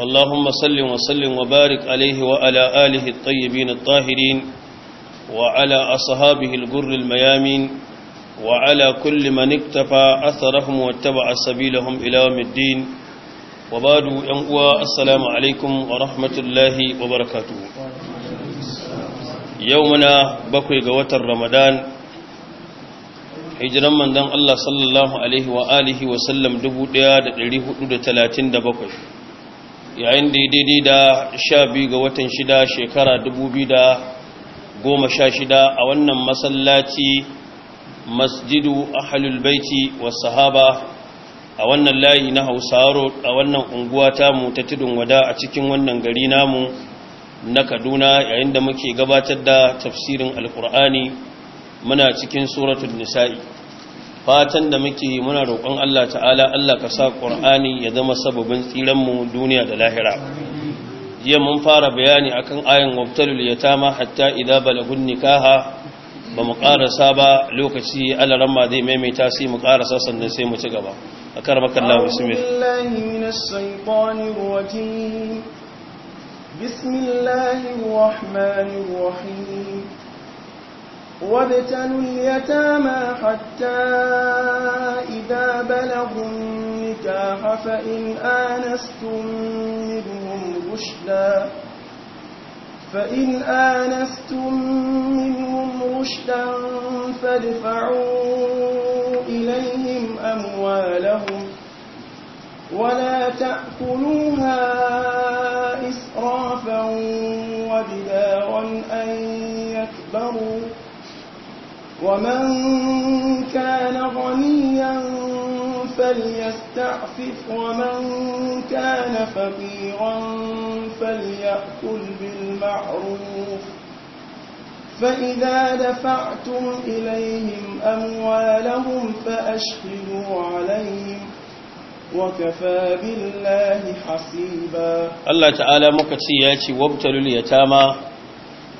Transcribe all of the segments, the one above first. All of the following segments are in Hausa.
اللهم صل وسلم وبارك عليه وعلى آله الطيبين الطاهرين وعلى أصحابه الجر الميامين وعلى كل من اكتفى أثرهم واتبع سبيلهم إلى يوم الدين وبعد أنقوى السلام عليكم ورحمة الله وبركاته يومنا بقي قوة رمضان hijiran manzon Allah sallallahu alaihi wa alihi wa sallam 1437 yayin da ya daidai da sha biyu ga watan shida shekara dubu biyu da goma sha shida a wannan masallaci masjidu ahalul baiti wa sahaba a wannan layi na hausaro a wannan unguwa tamu ta tudun wada a cikin wannan gari namu na kaduna yayin da muke gabatar da tafsirin alkur'ani muna cikin suratul nisa'i fatan da muke muna roƙon Allah ta'ala Allah ka sa Qur'ani ya zama sababin tsiren mu duniya da lahira jiya mun fara bayani akan ayan ya tama hatta idza balagun nikaha ba mu karasa ba lokaci alaran ma zai maimaita sai mu karasa sannan sai mu ci gaba a karmakan Allah bismillah bismillahir rahmanir rahim وابتلوا اليتامى حتى إذا بلغوا النكاح فإن آنستم منهم رشدا فإن آنستم منهم رشدا فادفعوا إليهم أموالهم ولا تأكلوها إسرافا وبدارا أن يكبروا ومن كان غنيا فليستعفف ومن كان فقيرا فليأكل بالمعروف فإذا دفعتم إليهم أموالهم فأشهدوا عليهم وكفى بالله حسيبا الله تعالى مكتسي ياتي وابتلوا اليتامى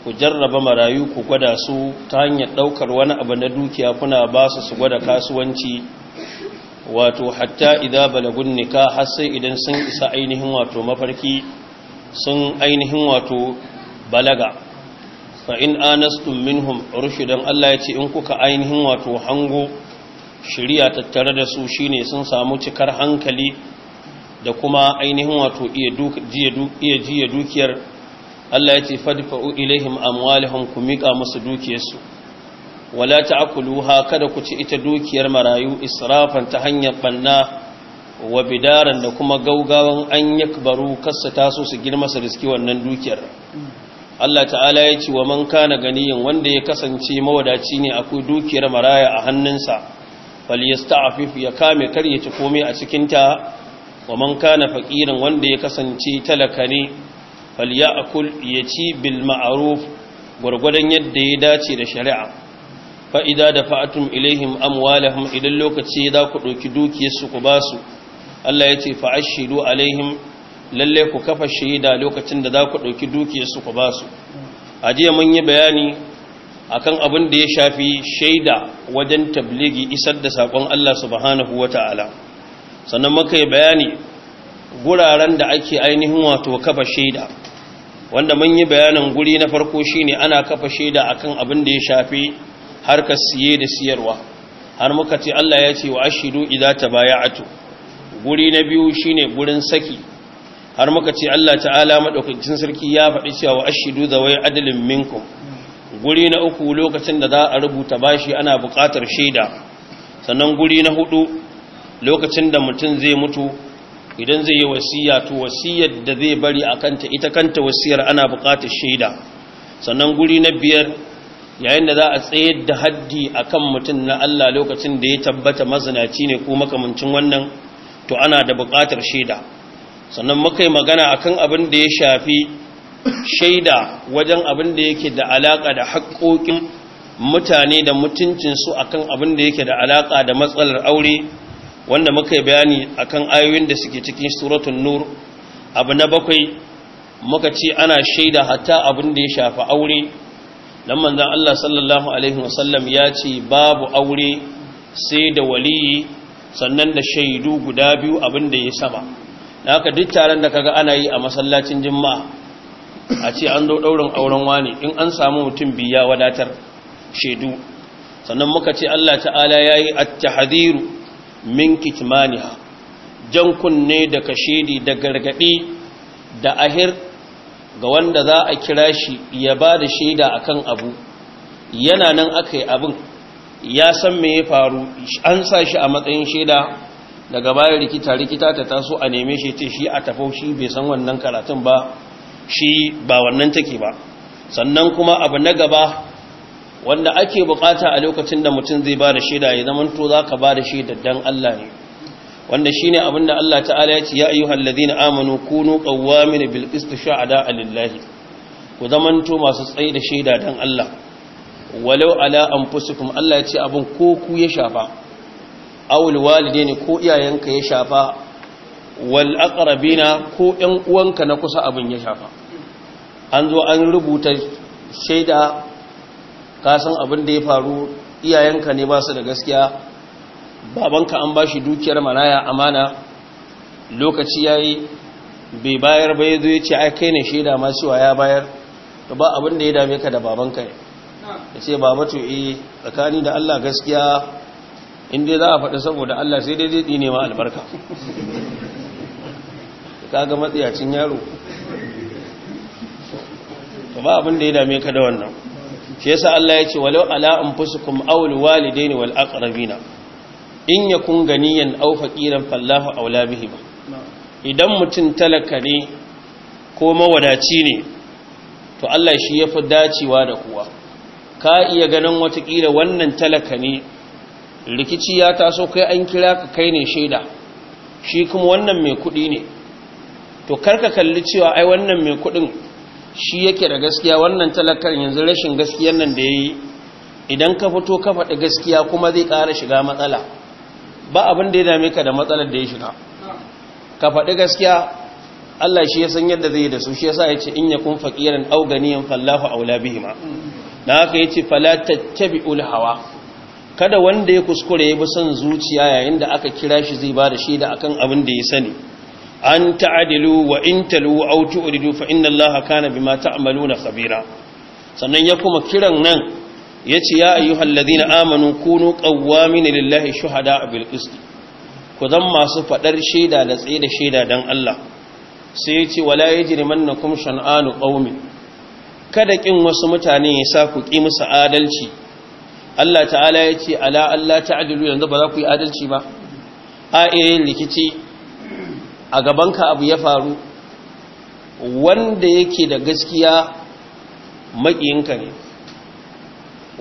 ku jarraba marayu ku gwada su ta hanyar daukar wani abu na dukiya kuna ba su su gwada kasuwanci wato hatta idza balagun nikah har sai idan sun isa ainihin wato mafarki sun ainihin wato balaga fa in anastum minhum rushidan Allah yace in kuka ainihin wato hango shiriya tattare da su shine sun samu cikar hankali da kuma ainihin wato iya jiya dukiyar Allah ya ce fadfa'u ilaihim amwalihum ku miƙa musu dukiyarsu wala ta'kuluha kada ku ci ita dukiyar marayu israfan ta hanyar banna wa bidaran da kuma gaugawan an yakbaru kassa taso su girma su riski wannan dukiyar Allah ta'ala ya ce wa man kana ganiyin wanda ya kasance mawadaci ne akwai dukiyar maraya a hannunsa falyasta'fif ya kame kar ya ci komai a cikin ta wa man kana fakirin wanda ya kasance talaka ne ya ci bil ma'aruf gwargwadon yadda ya dace da shari'a fa da fa'atun ilaihim amwalahum idan lokaci za ku dauki dukiyarsu ku basu Allah ya ce fa'ashidu alaihim lalle ku kafa shaida lokacin da za ku dauki dukiyarsu ku basu a jiya mun yi bayani akan abin da ya shafi shaida wajen tabligi isar da sakon Allah subhanahu wata'ala sannan muka yi bayani guraren da ake ainihin wato kafa shaida wanda mun yi bayanin guri na farko shine ana kafa shaida akan abin da ya shafi harkar siye da siyarwa har muka ce Allah ya ce wa ashidu idza tabaya'atu guri na biyu shine gurin saki har muka ce Allah ta'ala madaukakin sarki ya faɗi cewa wa ashidu wai adalin minkum guri na uku lokacin da za a rubuta bashi ana buƙatar shaida sannan guri na hudu lokacin da mutum zai mutu idan zai yi wasiya to wasiyar da zai bari a kanta ita kanta wasiyar ana buƙatar shaida sannan guri na biyar yayin da za a tsayar da haddi a kan mutum na Allah lokacin da ya tabbata mazinaci ne ko makamancin wannan to ana da buƙatar shaida sannan muka yi magana a kan abin da ya shafi shaida wajen abin da yake da alaƙa da haƙoƙin mutane da mutuncinsu a kan abin da yake da alaƙa da matsalar aure wanda muka yi bayani akan ayoyin da suke cikin suratun nur abu na bakwai muka ce ana shaida hatta abin da ya shafa aure nan manzon Allah sallallahu alaihi wasallam ya ce babu aure sai da waliyi sannan da shaidu guda biyu abin da ya sama haka duk taron da kaga ana yi a masallacin juma'a a ce an zo daurin auren wani in an samu mutum biya wadatar shaidu sannan muka ce Allah ta'ala yayi at-tahdhiru min kitmaniha jan kunne da kashedi da gargadi da ahir ga wanda za a kira shi ya ba da shaida akan abu yana nan aka yi abin ya san me ya faru an sa shi a matsayin shaida daga bayan rikita rikita ta taso a neme shi ce shi a tafau shi bai san wannan karatun ba shi ba wannan take ba sannan kuma abu na gaba wanda ake bukata a lokacin da mutum zai ba da shaida ya zama to za ka ba da shaida dan Allah ne wanda shi ne abinda Allah ta'ala ya ce ya ayyuha allazina amanu kunu qawwamin bil qist shuhada lillahi ku zaman to masu tsayi da shaida dan Allah walau ala anfusikum Allah ya ce abin ko ku ya shafa awul walidaini ko iyayenka ya shafa wal aqrabina ko ƴan uwanka na kusa abin ya shafa an zo an rubuta shaida kasan abin da ya faru iyayenka ne ba su da gaskiya babanka an ba shi dukiyar maraya amana lokaci ya yi bai bayar bai zo ya ce ai kai ne shaida ma cewa ya bayar da ba abin da ya dame ka da babanka ya ya ce ba mato e eh, tsakani da allah gaskiya inda za a faɗi saboda allah sai dai zai ne ma albarka ka ga matsiyacin yaro ba abin da ya dame ka da wannan shi yasa Allah ya ce walau ala anfusukum aw alwalidaini wal aqrabina in yakun ganiyan aw faqiran fallahu awla bihi idan mutun talaka ne ko mawadaci ne to Allah shi yafi dacewa da kowa ka iya ganin wata watakila wannan talaka ne rikici ya taso kai an kira ka kai ne shaida shi kuma wannan mai kudi ne to karka kalli cewa ai wannan mai kudin shi yake da gaskiya wannan talakar yanzu rashin gaskiyar nan da yi idan ka fito ka faɗi gaskiya kuma zai ƙara shiga matsala ba abin da ya dame ka da matsalar da ya shiga ka faɗi gaskiya Allah shi ya san yadda zai da su shi yasa yace in yakun faqiran aw ganiyan fallahu aula bihima na haka yace fala tattabi'ul hawa kada wanda ya kuskure ya bi son zuciya yayin da aka kira shi zai ba da shi akan abin da ya sani an ta'adilu wa in talu aw tu'ridu fa inna allaha kana bima ta'maluna khabira sannan ya kuma kiran nan yace ya ayyuhalladhina amanu kunu qawwamin lillahi shuhada bil qist ku zan masu fadar shaida da tsaye da shaida dan Allah sai yace wala yajrimannakum shan'anu qaumin kada kin wasu mutane ya sa ku ki musu adalci Allah ta'ala yace ala Allah ta'adilu yanzu ba za ku yi adalci ba a eh a gabanka abu ya faru wanda yake da gaskiya maƙiyinka ne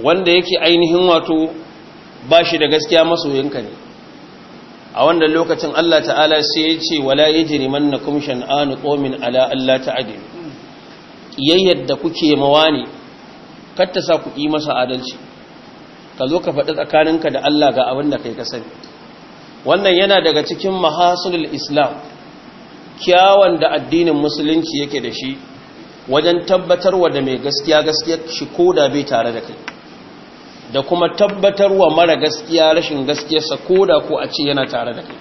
wanda yake ainihin wato ba shi da gaskiya masoyinka ne a wanda lokacin Allah ta'ala sai ya ce wala ya jiri manna kumshan anu ƙomin ala Allah ta'adi. yayyar da kuke mawa ne katta sa ku yi masa adalci ka zo ka faɗi tsakaninka da Allah ga abin da kai ka sani wannan yana daga cikin mahasulul islam kyawan da addinin musulunci yake da shi wajen tabbatarwa da mai gaskiya gaskiya shi ko da bai tare da kai da kuma tabbatarwa mara gaskiya rashin gaskiyarsa ko da ko a ce yana tare da kai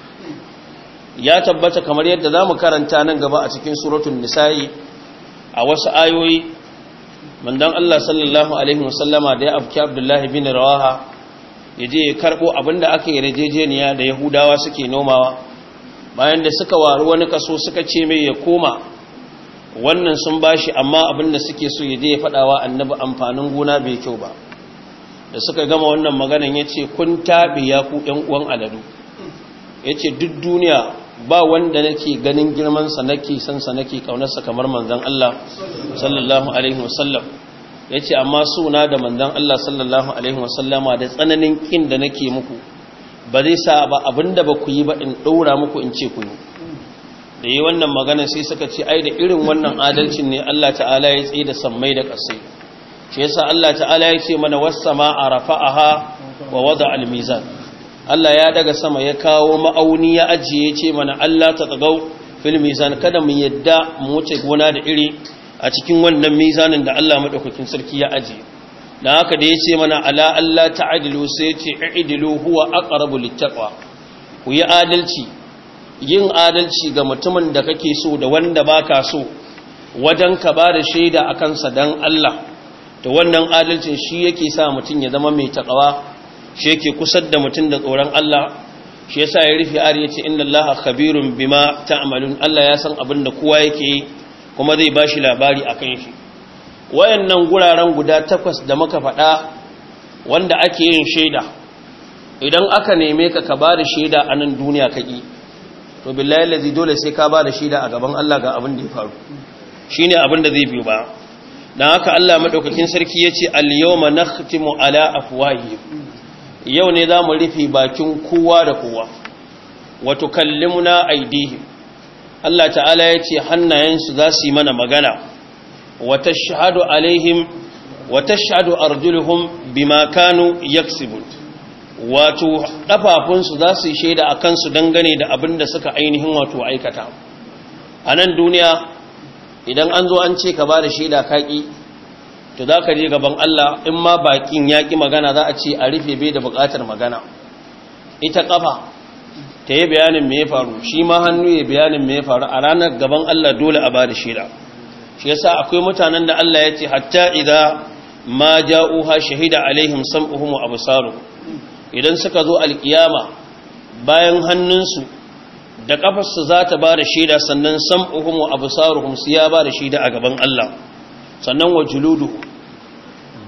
ya tabbata kamar yadda za mu karanta nan gaba a cikin suratun nisa'i a wasu ayoyi mandan Allah sallallahu alaihi wasallama da ya abki abdullahi bin rawaha ya je ya karɓo abinda aka yi rajejeniya da yahudawa suke nomawa bayan da suka waru wani kaso suka ce mai ya koma wannan sun bashi amma abin da suke so ya je ya faɗawa annabi amfanin gona bai kyau ba da suka gama wannan maganan ya ce kun taɓe ya ku ‘yan uwan aladu ya ce duk duniya ba wanda nake ganin girman sa nake sa nake ƙaunarsa kamar manzan Allah sallallahu alaihi wasallam ya ce amma suna da manzan Allah sallallahu alaihi wasallama da tsananin kin da nake muku ba zai sa ba abinda ba ku yi ba in ɗora muku in ce ku yi da yi wannan magana sai suka ce ai da irin wannan adalcin ne Allah ta'ala ya tsaye da sammai da ƙasai shi yasa Allah ta'ala ya ce mana ma a rafa'aha wa wada almizan Allah ya daga sama ya kawo ma'auni ya ajiye ce mana Allah ta tsagau fil mizan kada mu yadda mu wuce gona da iri a cikin wannan mizanin da Allah maɗaukakin sarki ya ajiye da haka da ya ce mana ala Allah adilu sai ce i'dilu huwa aqrabu littaqwa ku yi adalci yin adalci ga mutumin da kake so da wanda baka so wajen ka ba da shaida a kansa dan Allah to wannan adalcin shi yake sa mutum ya zama mai takawa shi yake kusar da mutum da tsoron Allah shi yasa ya rufe ari yace inna Allah khabirun bima ta ta'malun Allah ya san abin da kowa yake kuma zai ba shi labari akan shi wayannan guraren guda takwas da muka faɗa wanda ake yin shaida idan aka neme ka ka ba da shaida a nan duniya ka ƙi to billahi lazi dole sai ka ba da shaida a gaban Allah ga abin da ya faru shine abin da zai biyo ba dan haka Allah madaukakin sarki yace al-yawma nakhtimu ala afwahihim yau ne zamu rufe bakin kowa da kowa wa tukallimuna aidihim Allah ta'ala yace hannayensu za su yi mana magana وتشهد عليهم وتشهد wa بما كانوا يكسبون wato ƙafafunsu za su yi shaida a kansu dangane da abin da suka ainihin wato aikata a nan duniya idan an zo an ce ka ba da shaida kaƙi to za ka je gaban Allah in ma bakin yaƙi magana za a ce a rufe bai da buƙatar magana ita ƙafa ta yi bayanin mai ya faru shi ma hannu ya bayanin mai ya faru a ranar gaban Allah dole a ba da shaida shi yasa akwai mutanen da Allah ya ce hatta idza ma ja'uha shahida alaihim sam'uhum wa absaru idan suka zo alkiyama bayan hannunsu da kafarsu za ta ba da shaida sannan sam'uhum wa absaruhum su ya ba da shaida a gaban Allah sannan wa juludu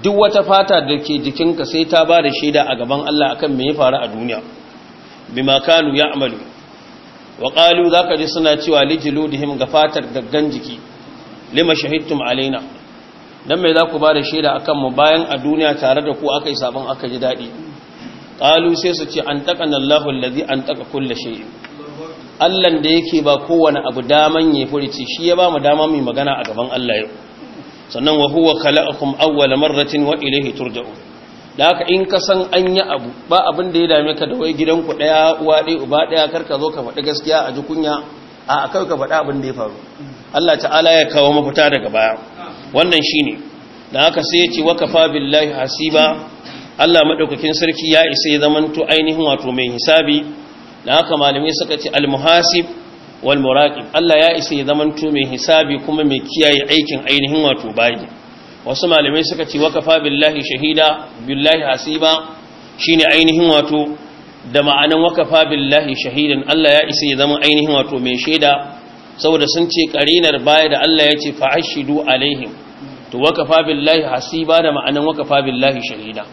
duk wata fata da ke jikinka sai ta bada shaida a gaban Allah akan me ya faru a duniya bima kanu ya'malu wa qalu zaka ji suna cewa lijludihim ga fatar gaggan jiki lima shahidtum alaina dan me za ku ba da shaida akan mu bayan a duniya tare da ku aka yi sabon aka ji dadi qalu sai su ce an taƙa nallahu allazi an taƙa kulle shayi da yake ba kowane abu daman ya furici shi ya ba mu dama mai magana a gaban allah yau sannan wa huwa khalaqakum awwala marratin wa ilayhi turja'un da haka in ka san an yi abu ba abin da ya dame ka da wai gidanku daya uwa ɗaya uba daya karka zo ka faɗi gaskiya a ji kunya a kai ka faɗi abin da ya faru Allah ta'ala ya kawo mafita daga baya wannan shine dan haka sai yace wa kafa billahi hasiba Allah madaukakin sarki ya isa ya zamanto ainihin wato mai hisabi dan haka malamai suka ce al-muhasib wal muraqib Allah ya isa ya zamanto mai hisabi kuma mai kiyaye aikin ainihin wato bayi wasu malamai suka ce wa kafa billahi shahida billahi hasiba shine ainihin wato da ma'anan wa kafa billahi shahidan Allah ya isa ya zama ainihin wato mai shaida saboda sun ce karinar baya da Allah ya ce fa'ashidu alaihim to wakafa billahi hasiba da ma'anan wakafa billahi shahida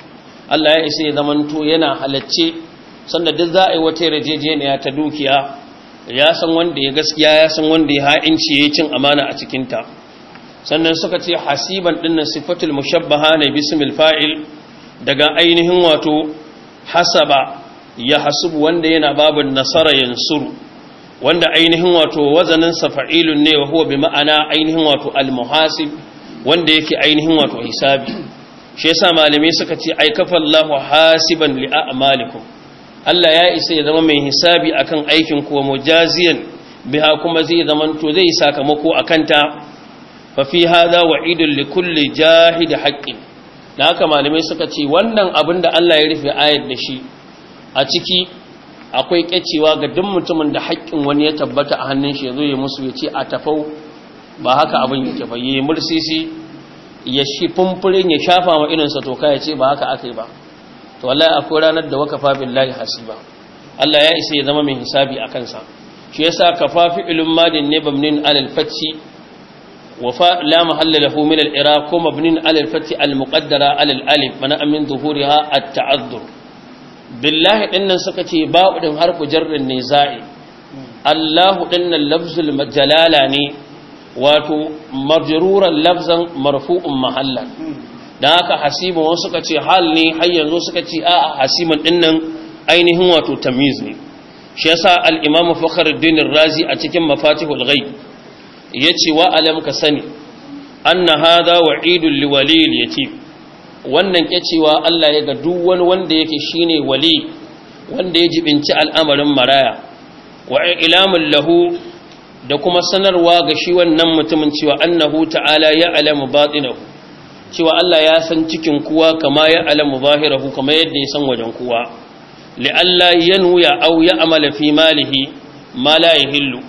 Allah ya isa ya zamanto yana halacce sanda duk za a yi wata yarjejeniya ta dukiya ya san wanda ya gaskiya ya san wanda ya ha'inci ya cin amana a cikin ta sannan suka ce hasiban dinnan sifatul mushabbaha ne bismil fa'il daga ainihin wato hasaba ya hasubu wanda yana babu nasara yansuru wanda ainihin wato wazanin safa'ilun ne wa huwa bi ma'ana ainihin wato al-muhasib wanda yake ainihin wato hisabi shi yasa malamai suka ce ai Allahu! hasiban li a'malikum Allah ya isa ya zama mai hisabi akan aikin ku mujaziyan biha kuma zai zaman to zai sakamako akan ta fa fi hadha wa'idun li kulli jahid haqqin da haka malamai suka ce wannan abin da Allah ya rufe ayat da shi a ciki akwai kyacewa ga duk mutumin da haƙƙin wani ya tabbata a hannun shi ya zo ya musu ya ce a tafau ba haka abin yake ba yi mursisi ya shi fumfurin ya shafa ma irinsa toka ya ce ba haka aka yi ba to wallahi akwai ranar da waka fafin lahi hasiba Allah ya isa ya zama mai hisabi a kansa shi yasa kafafi ilm madin ne babnin alal fatti wa fa la mahalla lahu min al iraq ko mabnin alal fatti al muqaddara alal alif mana amin zuhuriha at ta'addur billahi dinnan suka ce ba'u din harfu jarrin ne Allahu dinnan lafzul jalala ne wato majruran lafzan marfu'un mahallan dan haka hasiba wasu suka ce hal ne har yanzu suka ce a'a hasiman dinnan ainihin wato tamyiz ne shi yasa al-imamu fakhruddin razi a cikin mafatihul ghaib yace wa alam ka sani anna hadha wa'idul liwalil yatim wannan kyacewa Allah ya ga duk wani wanda yake shine wali wanda ya jibinci al'amarin maraya wa ilamun lahu da kuma sanarwa ga shi wannan mutumin cewa annahu ta'ala ya alamu batinahu cewa Allah ya san cikin kuwa kama ya alamu zahirahu kama yadda ya san wajen kuwa ya nuya Au ya amala fi malihi mala la yahillu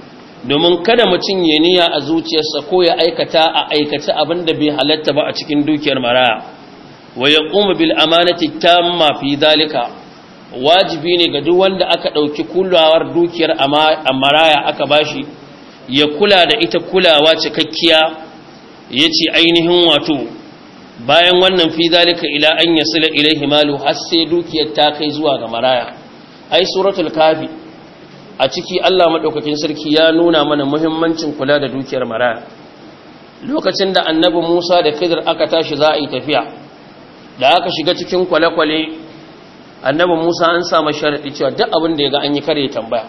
domin kada mutum ya niyya a zuciyarsa ko ya aikata a aikata abinda bai halatta ba a cikin dukiyar maraya wa uma bil amanati tamma fi zalika wajibi ne ga duk wanda aka ɗauki kulawar dukiyar a maraya aka bashi ya kula da ita kulawa cikakkiya yace ainihin wato bayan wannan fi zalika ila an yasila ilaihi malu har sai dukiyar ta kai zuwa ga maraya ai suratul kafi a ciki Allah madaukakin sarki ya nuna mana muhimmancin kula da dukiyar maraya lokacin da annabi Musa da khidr aka tashi za a yi tafiya da aka shiga cikin kwale-kwale annabi musa an samu sharaɗi cewa duk abin da ya ga an yi kare tambaya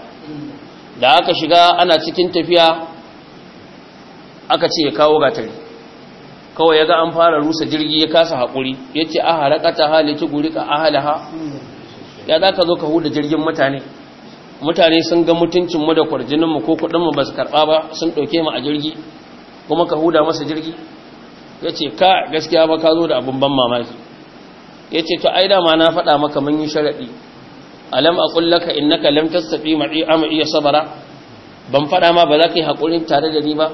da aka shiga ana cikin tafiya aka ce ya kawo gatari kawai ya ga an fara rusa jirgi ya kasa haƙuri ya ce a harakata halitta guri ka ahalaha ya za ka zo ka huda jirgin mutane mutane sun ga mutuncinmu da kwarjininmu ko kuɗinmu ba su karɓa ba sun ɗauke mu a jirgi kuma ka huda masa jirgi ya ce ka gaskiya ba ka zo da abin ban mamaki ya ce to ai ma na faɗa maka mun yi sharaɗi alam a in innaka lam tastafi ma'i ama iya sabara ban faɗa ma ba za ka yi haƙurin tare da ni ba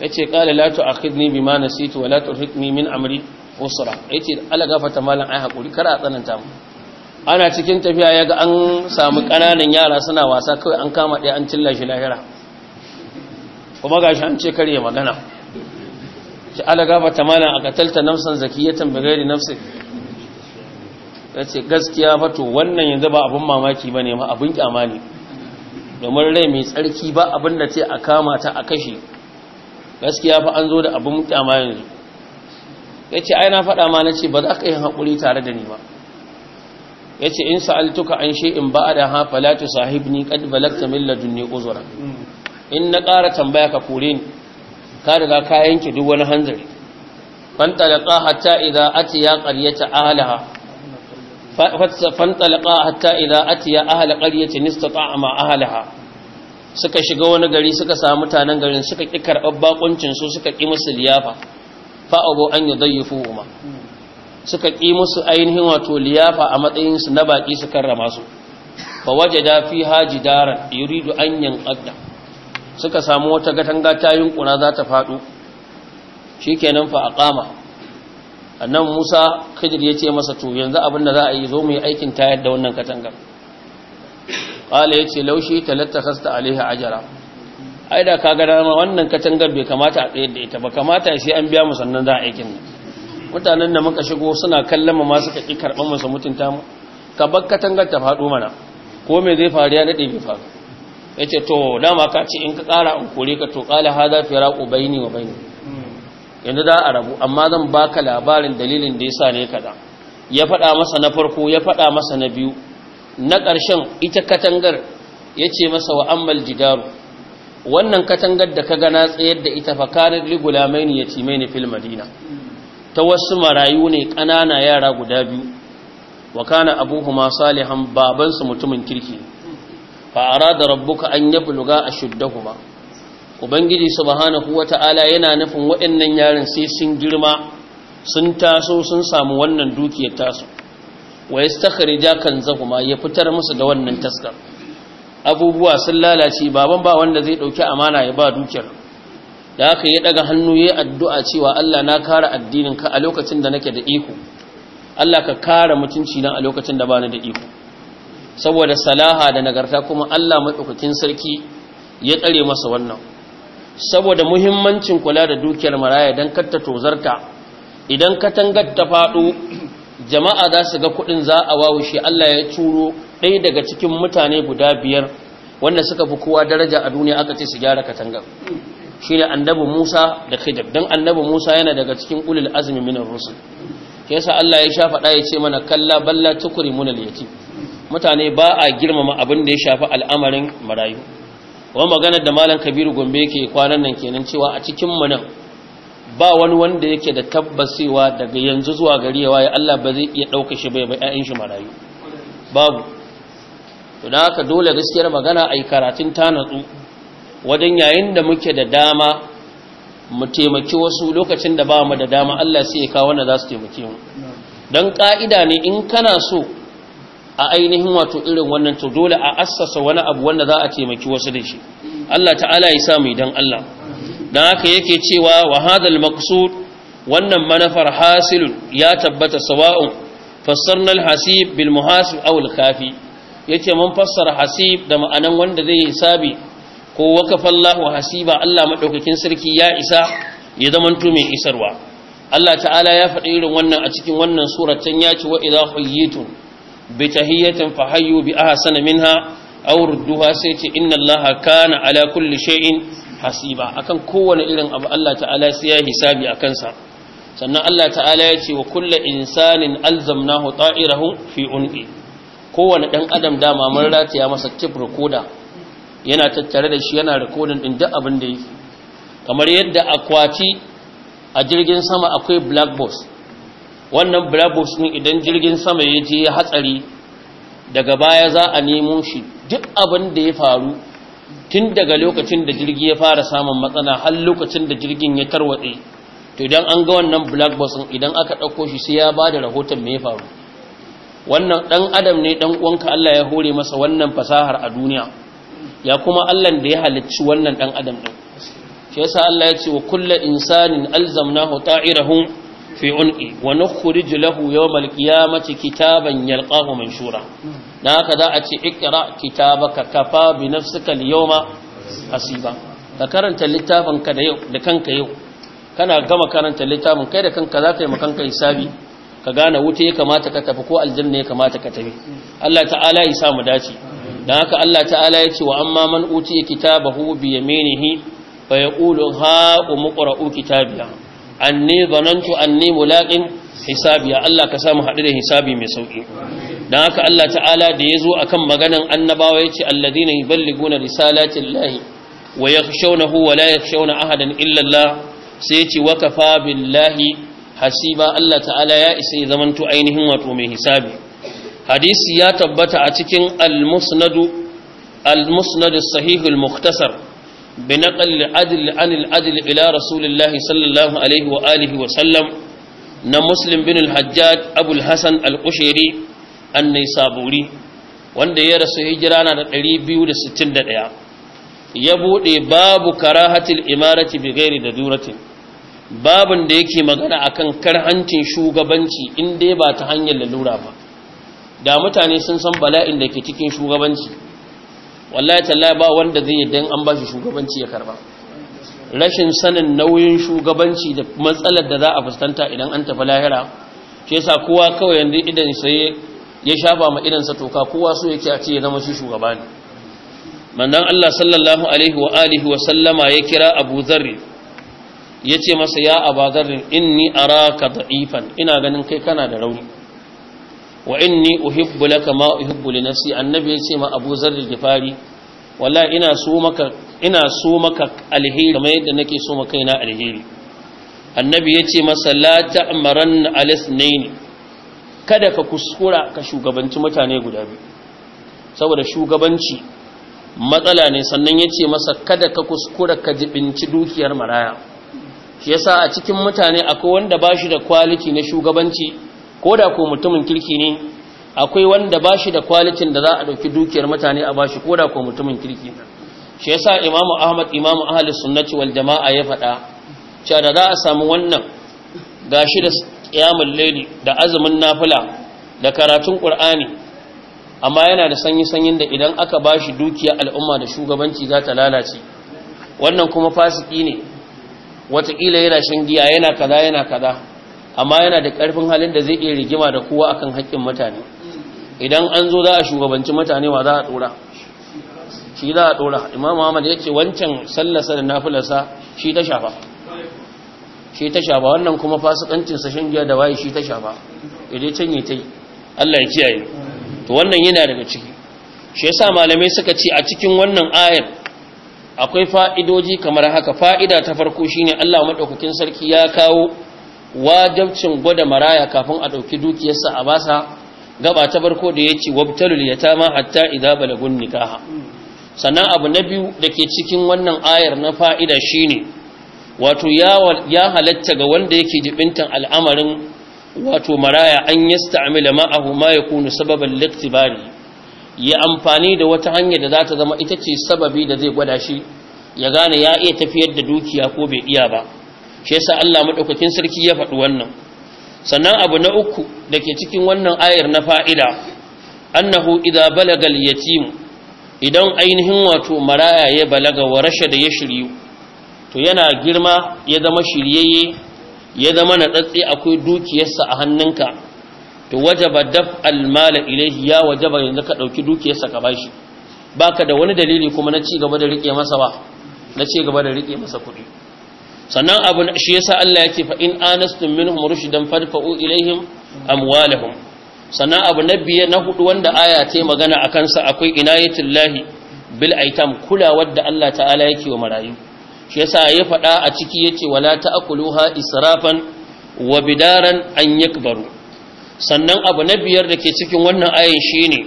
ya ce ƙala la tu akhidni bima nasitu wa la turhiqni min amri usra ya ce ala ta malam ai haƙuri kar a tsananta mu ana cikin tafiya ya ga an samu ƙananan yara suna wasa kawai an kama ɗaya an cilla shi lahira kuma gashi an ce kare magana ki ala ta malam a katalta nafsan zakiyatan da nafsin ya ce gaskiya fato wannan yanzu ba abin mamaki ba ne ma abin kyama ne domin rai mai tsarki ba abin da ce a kama ta a kashe gaskiya fa an zo da abin kyama yanzu ya ce ai na faɗa ma na ce ba za ka yi haƙuri tare da ni ba ya ce in sa'altuka an she in ba da hafa latu sahib ni kad balagta min ladunni uzra in na ƙara tambaya ka kore ni ka riga kayan yanke duk wani hanzari a hatta ya atiya qaryata ahliha fantalaka hatta idza atiya ahla qaryati istata'a ma suka shiga wani gari suka samu mutanen garin suka ki karɓar bakuncin su suka ki musu liyafa fa abu an huma suka ki musu ainihin wato liyafa a matsayin su na baki su karrama su fa wajada haji jidaran yuridu an yanqadda suka samu wata gatanga ta yunkura za ta fadu shikenan fa aqama annan musa khidir ya ce masa to yanzu abin da za a yi zo mu yi aikin tayar da wannan katangar ƙala ya ce laushi talatta ta alaiha ajara ai da kaga dama wannan katangar bai kamata a tsaye da ita ba kamata sai an biya mu sannan za a aikin mutanen da muka shigo suna kallon mu ma suka ƙi karɓar musu mutunta mu ka bar katangar ta faɗo mana ko me zai faru ya daɗe bai faru ya ce to dama ka ce in ka kara an kore ka to ƙala ha za fi raƙo baini wa baini yanzu da a rabu amma zan baka labarin dalilin da yasa ne kaɗan. ya faɗa masa na farko ya faɗa masa na biyu na ƙarshen ita katangar ya ce masa wa ammal jidaru wannan katangar da ka gana tsayar da ita fakanar ligulamai ne ya ci mai fil madina ta wasu marayu ne ƙanana yara guda biyu wa kana abuhuma salihan babansu mutumin kirki fa arada rabbuka an yabluga ashuddahuma ubangiji subhanahu wata'ala yana nufin waɗannan yaran sai sun girma sun taso sun samu wannan dukiyar taso. wa yastakhrija kanzahuma ya fitar musu da wannan taskar abubuwa sun lalace baban ba wanda zai dauki amana ya ba dukiyar da haka ya daga hannu yi addu'a cewa Allah na kare addinin ka a lokacin da nake da iko Allah ka kare mutunci na a lokacin da bani da iko saboda salaha da nagarta kuma Allah madaukakin sarki ya tsare masa wannan saboda muhimmancin kula da dukiyar maraya don katta tozarta idan katangar ta faɗo jama'a za su ga kuɗin za a wawushe Allah ya turo ɗaya daga cikin mutane guda biyar wanda suka fi kowa daraja a duniya aka ce su gyara katangar shi ne annabi musa da khidir don annabi musa yana daga cikin ulil azumi minar rusul ke sa Allah ya sha faɗa ya ce mana kalla balla tukuri munal yati mutane ba a girmama abin da ya shafi al'amarin marayu wa magana da malam kabiru gombe yake kwanan nan kenan cewa a cikin mu nan ba wani wanda yake da tabbasewa daga yanzu zuwa gari yawa ya Allah ba zai iya ɗauka shi bai bai shi marayu babu to dan haka dole gaskiyar magana ai karatun ta natsu wajen yayin da muke da dama mu taimaki wasu lokacin da ba mu da dama Allah sai ya kawo wanda za su taimake mu dan ka'ida ne in kana so a ainihin wato irin wannan to dole a assasa wani abu wanda za a taimaki wasu da shi Allah ta'ala ya sa mu dan Allah dan haka yake cewa wa hadal maqsud wannan manafar hasil ya tabbata sawa'un fassarna al-hasib bil muhasib aw al-kafi yace mun fassara hasib da ma'anan wanda zai hisabi ko wakafallahu hasiba Allah madaukakin sarki ya isa ya zamanto mai isarwa Allah ta'ala ya faɗi irin wannan a cikin wannan suratan ya ce wa idza huyyitum bi tahiyatin fa hayyu bi ahsana minha aw rudduha sai ce inna allaha kana ala kulli shay'in hasiba akan kowane irin abu Allah ta'ala sai ya hisabi akan sa sannan Allah ta'ala ya ce wa kullu insanin alzamnahu ta'irahu fi unqi kowane dan adam dama mun rataya masa tip recorder yana tattare da shi yana recording din duk abin da yake kamar yadda akwati a jirgin sama akwai black box wannan black box ne idan jirgin sama ya je hatsari daga baya za a nemo shi duk abin da ya faru tun daga lokacin da jirgi ya fara samun matsala har lokacin da jirgin ya tarwatse to idan an ga wannan black box idan aka ɗauko shi sai ya ba da rahoton me ya faru wannan dan adam ne dan uwanka Allah ya hore masa wannan fasahar a duniya ya kuma Allah da ya halicci wannan dan adam ɗin shi yasa Allah ya ce wa kullu insanin alzamnahu ta'irahu fi unqi wa nukhrij lahu yawm al-qiyamati kitaban yalqahu manshura dan haka za a ce ikra kitabaka kafa bi nafsika al-yawma hasiba ka karanta littafin ka da yau da kanka yau kana gama karanta littafin kai da kanka za ka yi kanka hisabi ka gane wuta ya kamata ka tafi ko aljanna ya kamata ka tafi Allah ta'ala ya sa mu dace dan haka Allah ta'ala ya ce wa amma man utiya kitabahu bi yaminihi fa yaqulu ha umqra'u kitabiya anni zanantu anni mulaqin hisabiya Allah ka samu haɗu da hisabi mai sauki dan haka Allah ta'ala da yazo akan maganan annabawa yace alladhina yuballiguna risalati llahi wa yakhshawnahu wa la yakhshawna ahadan illa Allah sai yace wa kafa billahi hasiba Allah ta'ala ya isa ya zamanto ainihin wato mai hisabi hadisi ya tabbata a cikin al-musnad al-musnad sahih al-mukhtasar بنقل العدل عن العدل إلى رسول الله صلى الله عليه وآله وسلم نمسلم بن الحجاج أبو الحسن القشيري النيسابوري wanda ya rasu hijira na da ɗaya. ya buɗe babu karahatil imarati bi da duratin babin da yake magana akan karhancin shugabanci in dai ba ta hanyar lalura ba da mutane sun san bala'in da ke cikin shugabanci wallahi tallahi ba wanda zai yadda an ba shi shugabanci ya karba rashin sanin nauyin shugabanci da matsalar da za a fuskanta idan an tafi lahira shi yasa kowa kawai yanzu idan sai ya shafa ma idan toka kowa so yake a ce ya zama shi shugaba ne manzon Allah sallallahu alaihi wa alihi wa sallama ya kira Abu Dharr yace masa ya Abu Dharr inni araka da'ifan ina ganin kai kana da rauni wa inni uhibbu laka ma uhibbu li nafsi annabi yace ma Abu Zar al-Ghifari wallahi ina so maka ina so maka alheri kamar yadda nake so maka ina alheri annabi yace masa la ta'maran al-ithnain kada ka kuskura ka shugabanci mutane guda biyu saboda shugabanci matsala ne sannan yace masa kada ka kuskura ka jibinci dukiyar maraya shi yasa a cikin mutane akwai wanda bashi da kwaliti na shugabanci ko da ko mutumin kirki ne akwai wanda ba shi da kwalitin da za a ɗauki dukiyar mutane a bashi ko da ko mutumin kirki shi yasa imamu ahmad imamu ahli sunnati wal jama'a ya faɗa cewa da za a samu wannan gashi da qiyamul laili da azumin nafila da karatun qur'ani amma yana da sanyi sanyin da idan aka bashi dukiya al'umma da shugabanci za ta lalace wannan kuma fasiki ne wataƙila yana shan giya yana kaza yana kaza amma yana da ƙarfin halin da zai iya rigima da kowa akan haƙƙin mutane idan an zo za a shugabanci mutane wa za a ɗora shi za a ɗora imam muhammad ya ce wancan sallasa da nafilarsa shi ta shafa shi ta shafa wannan kuma sa shan giya da waye shi ta shafa idan can yi ta yi allah ya kiyaye to wannan yana daga ciki shi yasa malamai suka ce a cikin wannan ayar akwai fa'idoji kamar haka fa'ida ta farko shine Allah maɗaukakin sarki ya kawo wajabcin gwada maraya kafin a ɗauki dukiyarsa a basa gaba ta barko da ya ce wabtalul yatama hatta idza balagun nikaha sannan abu na biyu da ke cikin wannan ayar na fa'ida shine wato ya halatta ga wanda yake jibintan al'amarin wato maraya an yasta'mila ma'ahu ma yakunu sababan liktibari ya amfani da wata hanya da za ta zama ita ce sababi da zai gwada shi ya gane ya iya tafiyar da dukiya ko bai iya ba shi yasa Allah madaukakin sarki ya faɗi wannan sannan abu na uku da ke cikin wannan ayar na fa'ida annahu idza balaga yatim idan ainihin wato maraya ya balaga wa rashada ya shiryu to yana girma ya zama shiryayye ya zama na tsatsi akwai dukiyarsa a hannunka to wajaba daf al ya ilayhi ya wajaba yanzu ka ɗauki dukiyarsa ka bashi baka da wani dalili kuma na ci gaba da rike masa ba na ci gaba da rike masa kuɗi sannan abu shi yasa Allah yake ce fa in anastum minhum rushdan fadfa'u ilaihim amwalahum sannan abu na na hudu wanda aya ce magana akan sa akwai inayatul lahi bil aitam kulawar da Allah ta'ala yake wa marayu shi yasa ya faɗa a ciki yace wala ta'kuluha israfan wa bidaran an yakbaru sannan abu na biyar da ke cikin wannan ayin shine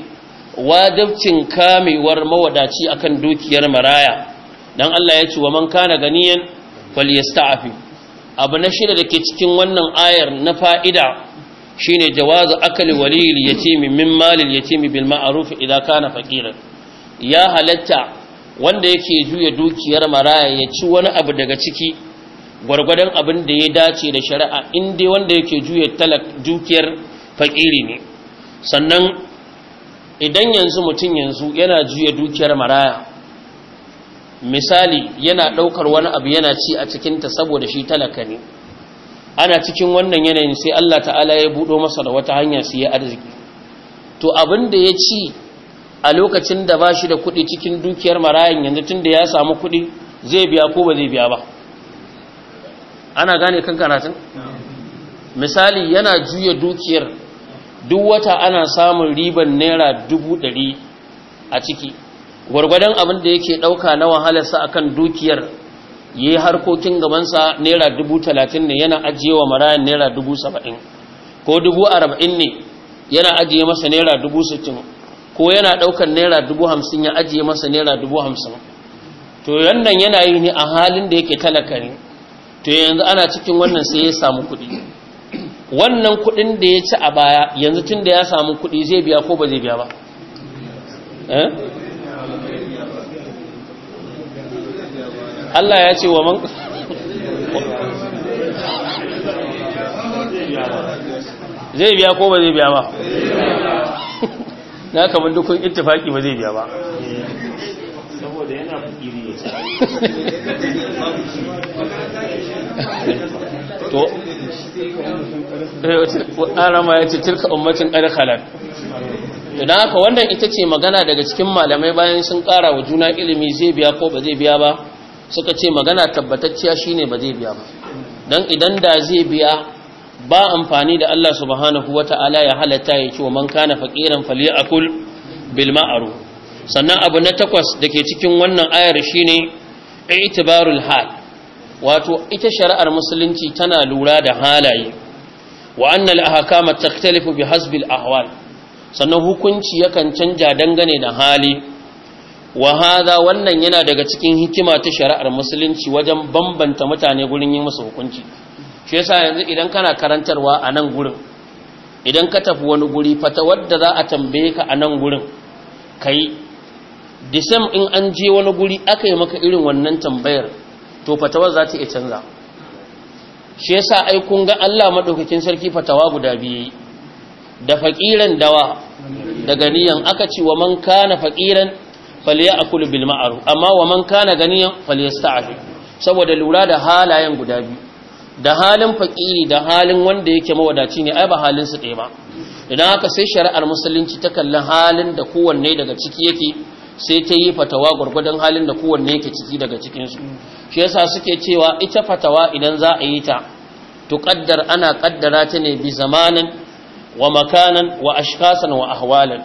wajibcin kamewar mawadaci akan dukiyar maraya dan Allah ya ce wa man kana ganiyan falyasta'fi abu na shida dake cikin wannan ayar na fa'ida shine jawazu akali walil yatimi min malil yatimi bil ma'ruf idan kana faqiran ya halatta wanda yake juya dukiyar maraya ya ci wani abu daga ciki gwargwadon abin da ya dace da shari'a in dai wanda yake juya talak dukiyar faqiri ne sannan idan yanzu mutum yanzu yana juya dukiyar maraya misali yana ɗaukar wani abu yana ci a cikinta saboda shi talaka ne ana cikin wannan yanayin sai Allah ta'ala ya buɗo masa da wata hanya su yi arziki to abin da ya ci a lokacin da ba shi da kuɗi cikin dukiyar marayan yanzu tun da ya samu kuɗi zai biya ko ba zai biya ba ana gane kan karatun misali yana juya dukiyar duk wata ana samun riban naira dubu ɗari a ciki gwargwadon abin da yake ɗauka na wahalarsa akan dukiyar ya yi harkokin gabansa naira dubu talatin ne yana ajiye wa marayan naira dubu saba'in ko dubu arba'in ne yana ajiye masa naira dubu sittin ko yana ɗaukar naira dubu hamsin ya ajiye masa naira dubu hamsin to yannan yana yi ne a halin da yake talaka ne to yanzu ana cikin wannan sai ya samu kuɗi wannan kuɗin da ya ci a baya yanzu tun da ya samu kuɗi zai biya ko ba zai biya ba eh? Allah ya ce wa man zai biya ko ba zai biya ba na kamar dukkan ittifaki ba zai biya ba saboda yana fikiri to ƙarama ya ce tilka ummacin ƙarƙalar to don haka wannan ita ce magana daga cikin malamai bayan sun ƙara wa juna ilimi zai biya ko ba zai biya ba suka ce magana tabbatacciya shine ba zai biya ba dan idan da zai biya ba amfani da Allah subhanahu wata'ala ya halatta ya ce wa man kana faqiran falyakul bil ma'ruf sannan abu na takwas dake cikin wannan ayar shine i'tibarul hal wato ita shari'ar musulunci tana lura da halaye wa annal ahkama taktalifu bihasbil ahwal sannan hukunci yakan canja dangane da hali Wahaza wannan yana daga cikin hikima ta shari'ar musulunci wajen bambanta mutane gurin yi musu hukunci shi yasa yanzu idan kana karantarwa a nan gurin idan ka tafi wani guri fata wadda za a tambaye ka a nan gurin kai disam in an je wani guri aka yi maka irin wannan tambayar to fatawar za ta iya canza shi yasa ai kun ga Allah madaukakin sarki fatawa guda biyu da faƙiran dawa da ganiyan aka ce wa man kana faƙiran Kulu bil ma'ruf amma wa man kana ganiyan falyasta'fi saboda lura da halayen guda biyu da halin fakiri da halin wanda yake mawadaci ne ai ba halin su ɗaya ba idan haka sai shari'ar musulunci ta kalli halin da kowanne daga ciki yake sai ta yi fatawa gwargwadon halin da kowanne yake ciki daga cikin su shi yasa suke cewa ita fatawa idan za a yi ta tuƙaddar ana kaddara ta ne bi zamanin wa makanan wa ashkasan wa ahwalan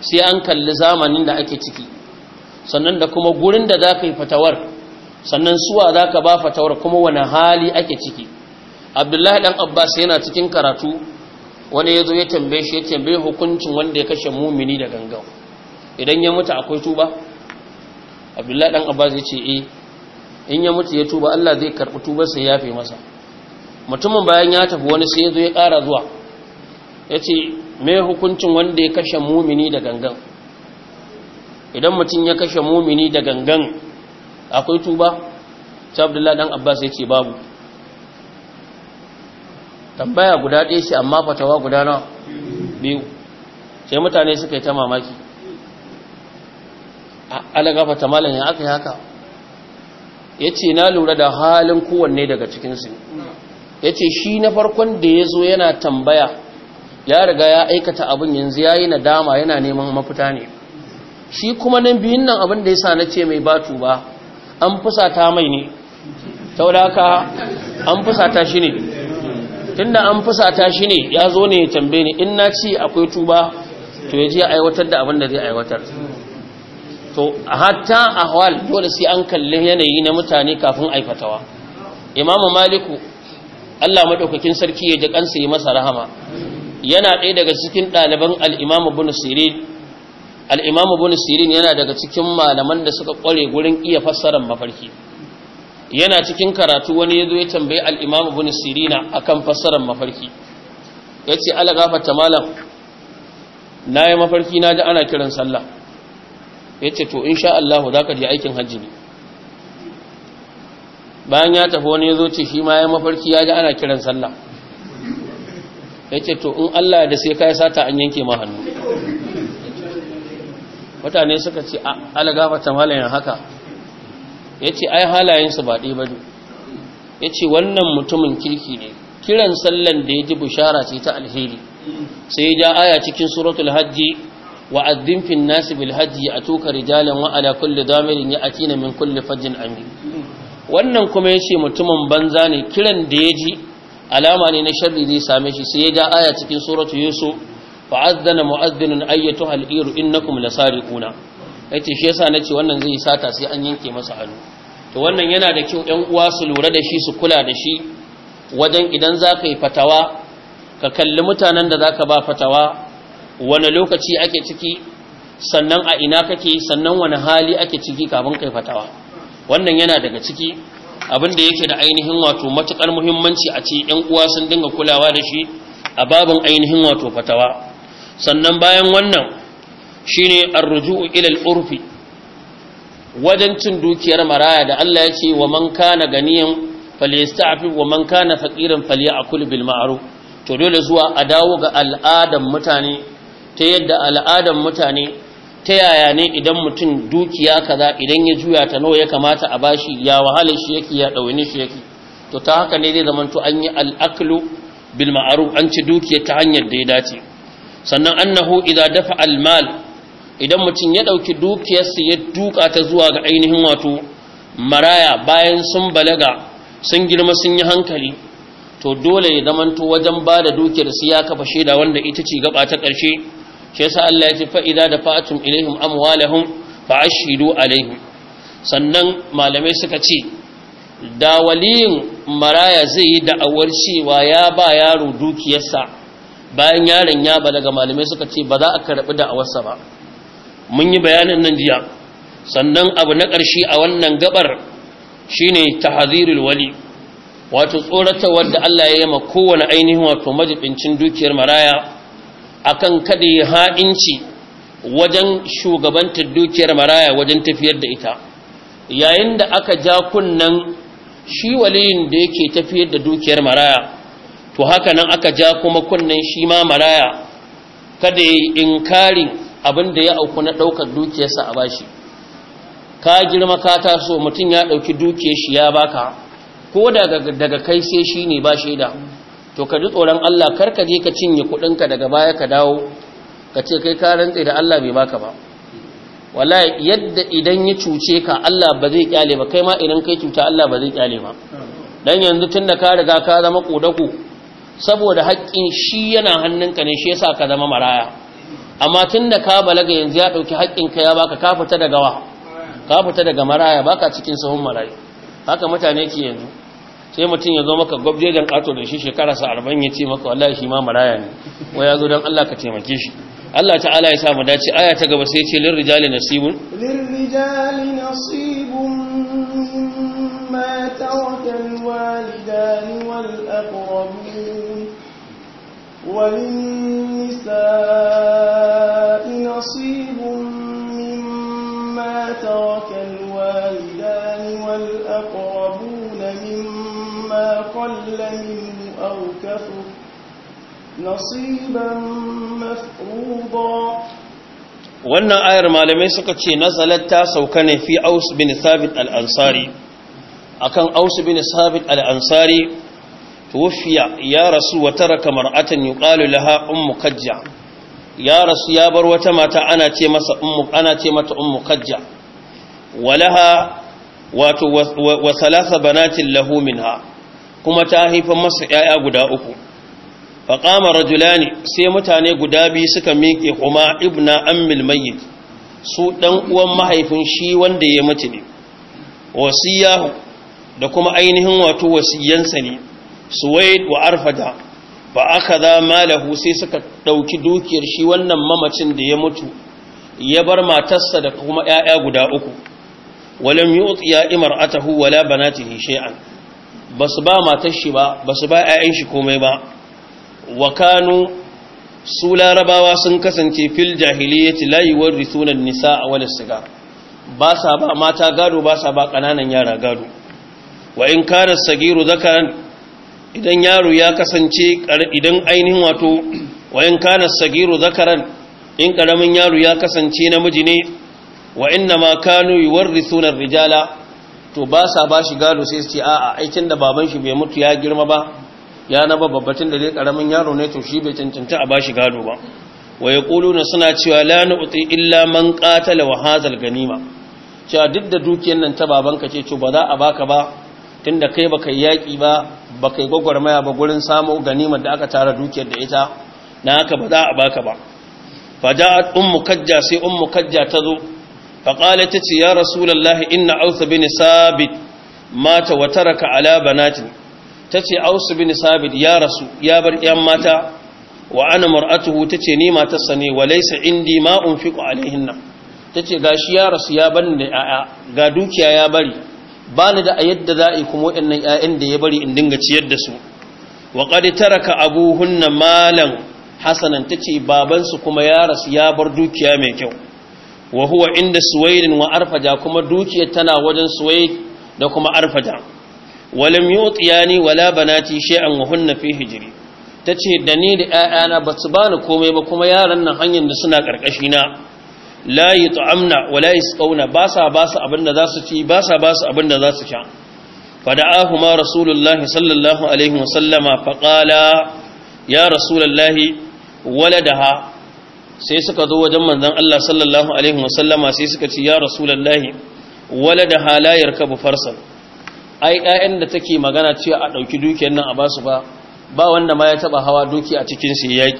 sai an kalli zamanin da ake ciki sannan da kuma gurin da za ka yi fatawar sannan suwa za ka ba fatawar kuma wani hali ake ciki abdullahi ɗan abbas yana cikin karatu wani ya zo ya tambaye shi ya tambe hukuncin wanda ya kashe mumini da gangan idan ya mutu akwai tuba abdullahi ɗan abbas ya ce e in ya mutu ya tuba allah zai karɓi tubarsa ya yafe masa mutumin bayan ya tafi wani sai ya zo ya ƙara zuwa ya ce me hukuncin wanda ya kashe mumini da gangan idan mutum ya kashe mumini da gangan akwai tuba ta abdullahi dan abbas ya ce babu tambaya guda ɗaya ce amma fatawa guda na biyu sai mutane suka yi ta mamaki alagafa ta malam ya aka yi haka ya ce na lura da halin kowanne daga cikinsu ya ce shi na farkon da ya zo yana tambaya ya riga ya aikata abin yanzu ya yi nadama yana neman mafita ne shi kuma nan biyun nan abin da ya sa na ce mai batu ba an fusata mai ne Ta wadaka an fusata shi ne tunda an fusata shi ne ya zo ne ya tambaye ni in na ci akwai tuba to ya ji ya aiwatar da abin da zai aiwatar to hatta ahwal dole sai an kalli yanayi na mutane kafin aifatawa imamu maliku Allah maɗaukakin sarki ya ji kansa yi masa rahama yana ɗaya daga cikin ɗaliban al-imamu bin sirin al’imam abun sirin yana daga cikin malaman da suka kware gurin iya fassarar mafarki yana cikin karatu wani ya zo ya tambayi al’imam abun sirina a akan fassarar mafarki yace ala ta malam Na yi mafarki na ji ana kiran sallah Ya ce to in sha Allah za je aikin hajji ne bayan ya tafi wani ya zo ce shi ma ya mafarki ya ji ana kiran sallah Ya ce to in Allah da sai yi sata an yanke ma hannu mutane suka ce alagafata malayin haka ya ce ai halayensu ba ɗaya ba ne ya ce wannan mutumin kirki ne kiran sallan da ya ji bishara ce ta alheri sai ya ja aya cikin suratul hajji wa addin fin nasi bil a tuka rijalan wa ala kulli damirin ya atina min kulli fajjin amin wannan kuma ya ce mutumin banza ne kiran da ya ji alama ne na sharri zai same shi sai ya ja aya cikin suratul yusuf fa'azzana mu'azzinun ayyatu hal'iru innakum lasariquna yace shi yasa ce wannan zai sata sai an yanke masa hannu to wannan yana da kyau 'yan uwa su lura da shi su kula da shi wajen idan zaka yi fatawa ka kalli mutanen da za ka ba fatawa wani lokaci ake ciki sannan a ina kake sannan wani hali ake ciki kafin kai fatawa wannan yana daga ciki abin da yake da ainihin wato matukar muhimmanci a ce 'yan uwa sun dinga kulawa da shi a babin ainihin wato fatawa sannan bayan wannan shine ne rujuu ruju urfi wajen cin dukiyar maraya da Allah ya ce wa man kana ganiyan falyasta'fif wa man kana faqiran falyakul bil ma'ruf to dole zuwa a dawo ga al'adan mutane ta yadda al'adan mutane ta yaya ne idan mutum dukiya kaza idan ya juya ta nawa ya kamata a bashi ya wahala shi yake ya dauni shi yake to ta haka ne zai zamantu an yi al'aklu bil ma'ruf an ci dukiya ta hanyar da ya dace sannan annahu idza dafa almal idan mutum ya dauki dukiyarsa ya duka ta zuwa ga ainihin wato maraya bayan sun balaga sun girma sun yi hankali to dole ya zamanto wajen ba da dukiyar su ya kafa shaida wanda ita ce gaba ta karshe shi yasa Allah ya ce fa idza dafa'tum ilaihim amwalahum fa ashhidu alaihim sannan malamai suka ce da waliyin maraya zai yi da'awar cewa ya ba yaro dukiyarsa bayan yaron ya balaga malamai suka ce ba za a karɓi awarsa ba mun yi bayanin nan jiya sannan abu na ƙarshe a wannan gabar shine tahzirul wali wato tsorata wadda Allah ya yi ma kowane ainihin wato majibincin dukiyar maraya akan kada ya ha'inci wajen shugabantar dukiyar maraya wajen tafiyar da ita yayin da aka ja kunnan shi waliyin da yake tafiyar da dukiyar maraya to haka nan aka ja kuma kunnen shi ma maraya kada ya yi inkarin abin da ya auku na ɗaukar dukiyarsa a bashi ka girma ka taso mutum ya ɗauki dukiyar shi ya baka ko daga kai sai shi ne ba shaida to ka ji tsoron Allah kar ka je ka cinye kuɗinka daga baya ka dawo ka ce kai ka rantse da Allah bai baka ba wallahi yadda idan ya cuce ka Allah ba zai kyale ba kai ma idan kai cuta Allah ba zai kyale ba dan yanzu tunda ka riga ka zama kodako saboda haƙƙin shi yana hannunka ne shi yasa ka zama maraya amma tun da ka balaga yanzu ya ɗauki ka ya baka ka fita daga wa ka daga maraya baka cikin sahun marayu haka mutane ke yanzu sai mutum ya zo maka gwabje don ƙato da shi shekara sa ya ce maka wallahi shi ma maraya ne wai ya zo don Allah ka taimake shi Allah ta'ala ya sa mu dace aya ta gaba sai ce lirrijali nasibun lirrijali nasibun ترك الوالدان والأقربون وللنساء نصيب مما ترك الوالدان والأقربون مما قل منه أو كفر نصيبا مفروضا wannan ayar malamai suka ce nazalat ta sauka ne fi aus bin thabit al-ansari akan Aus bin Sabit al-Ansari tuwfiya ya rasu wa Atan mar'atan yuqalu laha ummu kajja ya rasu ya bar wata mata ana ce mata ummu kajja walaha wato wa salasa banatin lahu minha kuma ta haifa masa yaya guda uku faqama rajulani sai mutane guda biyu suka miƙe kuma ibna ammil mayyit su ɗan uwan mahaifin shi wanda ya mutu ne wasiyahu da kuma ainihin wato wasiyansa ne suwaid wa arfada ba aka malahu sai suka ɗauki dukiyar shi wannan mamacin da ya mutu ya bar matarsa da kuma ‘ya'ya guda uku walam yu'ti ya imar atahu wala banatihi shay'an ba ba matar shi ba ba ba ‘ya'yan shi komai ba wa kanu su larabawa sun kasance fil jahiliyyati la yuwarrithuna an nisaa wala sigar ba sa ba mata gado ba sa ba ƙananan yara gado wa in kana sagiru zakaran idan yaro ya kasance idan ainihin wato wa in kana sagiru zakaran in karamin yaro ya kasance namiji ne wa inna ma kanu rijala to ba sa ba shi gado sai su a a'a aikin da baban shi bai mutu ya girma ba ya na babbatin da dai karamin yaro ne to shi bai cancanta a ba shi gado ba wa yaquluna suna cewa la nu'ti illa man qatala wa hadzal ganima cewa duk da dukiyar nan ta babanka ce to ba za a baka ba tunda kai baka yaki ba baka gwagwarmaya ba gurin samu ganimar da aka tara dukiyar da ita na haka ba za a baka ba faja'at ummu kajja sai ummu kajja ta zo faqala ta ce ya lallahi inna Ausu bin sabit mata wa taraka ala Ta ce Ausu bin sabit ya rasu ya bar yan mata wa ana mar'atuhu ce ni matarsa ne wa laisa indi ma unfiqu alaihinna tace gashi ya rasu ya bani da ga dukiya ya bari ba ni da a yadda za a kuma waɗannan 'ya'yan da ya bari in dinga ciyar da su wa ƙadi taraka abuhunna Malam hasanan ta ce babansu kuma ya rasu ya bar dukiya mai kyau wa huwa inda suwaidin wa arfaja kuma dukiyar tana wajen suwaid da kuma arfaja walam yutiyani wala banati an wa hunna fi Ta ce da ni da 'ya'yana ba su bani komai ba kuma yaran nan hanyar da suna ƙarƙashina. Layi yut'amna wa la sukauna ba sa ba su abinda za su ci ba sa ba su abinda za su sha fada'ahuma rasulullahi sallallahu alaihi wa sallama faqala ya rasulullahi ha. sai suka zo wajen manzan Allah sallallahu alaihi wa sallama sai suka ci ya rasulullahi waladaha la yarkabu farsan ai ɗayan da take magana cewa a ɗauki dukiyar nan a basu ba ba wanda ma ya taɓa hawa duki a cikin su yaki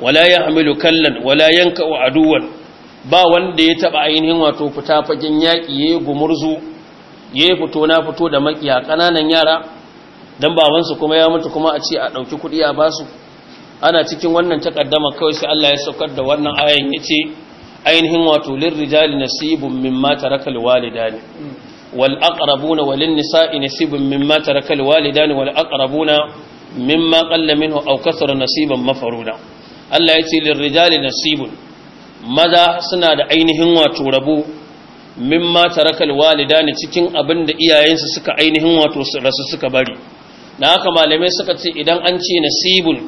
wala ya'milu kallan wala yanka wa aduwan ba wanda ya taba ainihin wato fita fagen yaƙi ya gumurzu ya fito na fito da makiya ƙananan yara don babansu kuma ya mutu kuma a ce a ɗauki kuɗi a basu ana cikin wannan takaddama kawai sai Allah ya saukar da wannan ayan ya ce ainihin wato lirrijali nasibun mimma tarakal walidani wal aqrabuna walin nisa'i nasibun mimma tarakal walidani wal aqrabuna mimma qalla minhu aw kasara nasiban mafaruna Allah ya ce lirrijali nasibun maza suna da ainihin wato rabo mimma tarakal walidani cikin abin da iyayensu suka ainihin wato rasu suka bari na haka malamai suka ce idan an ce nasibul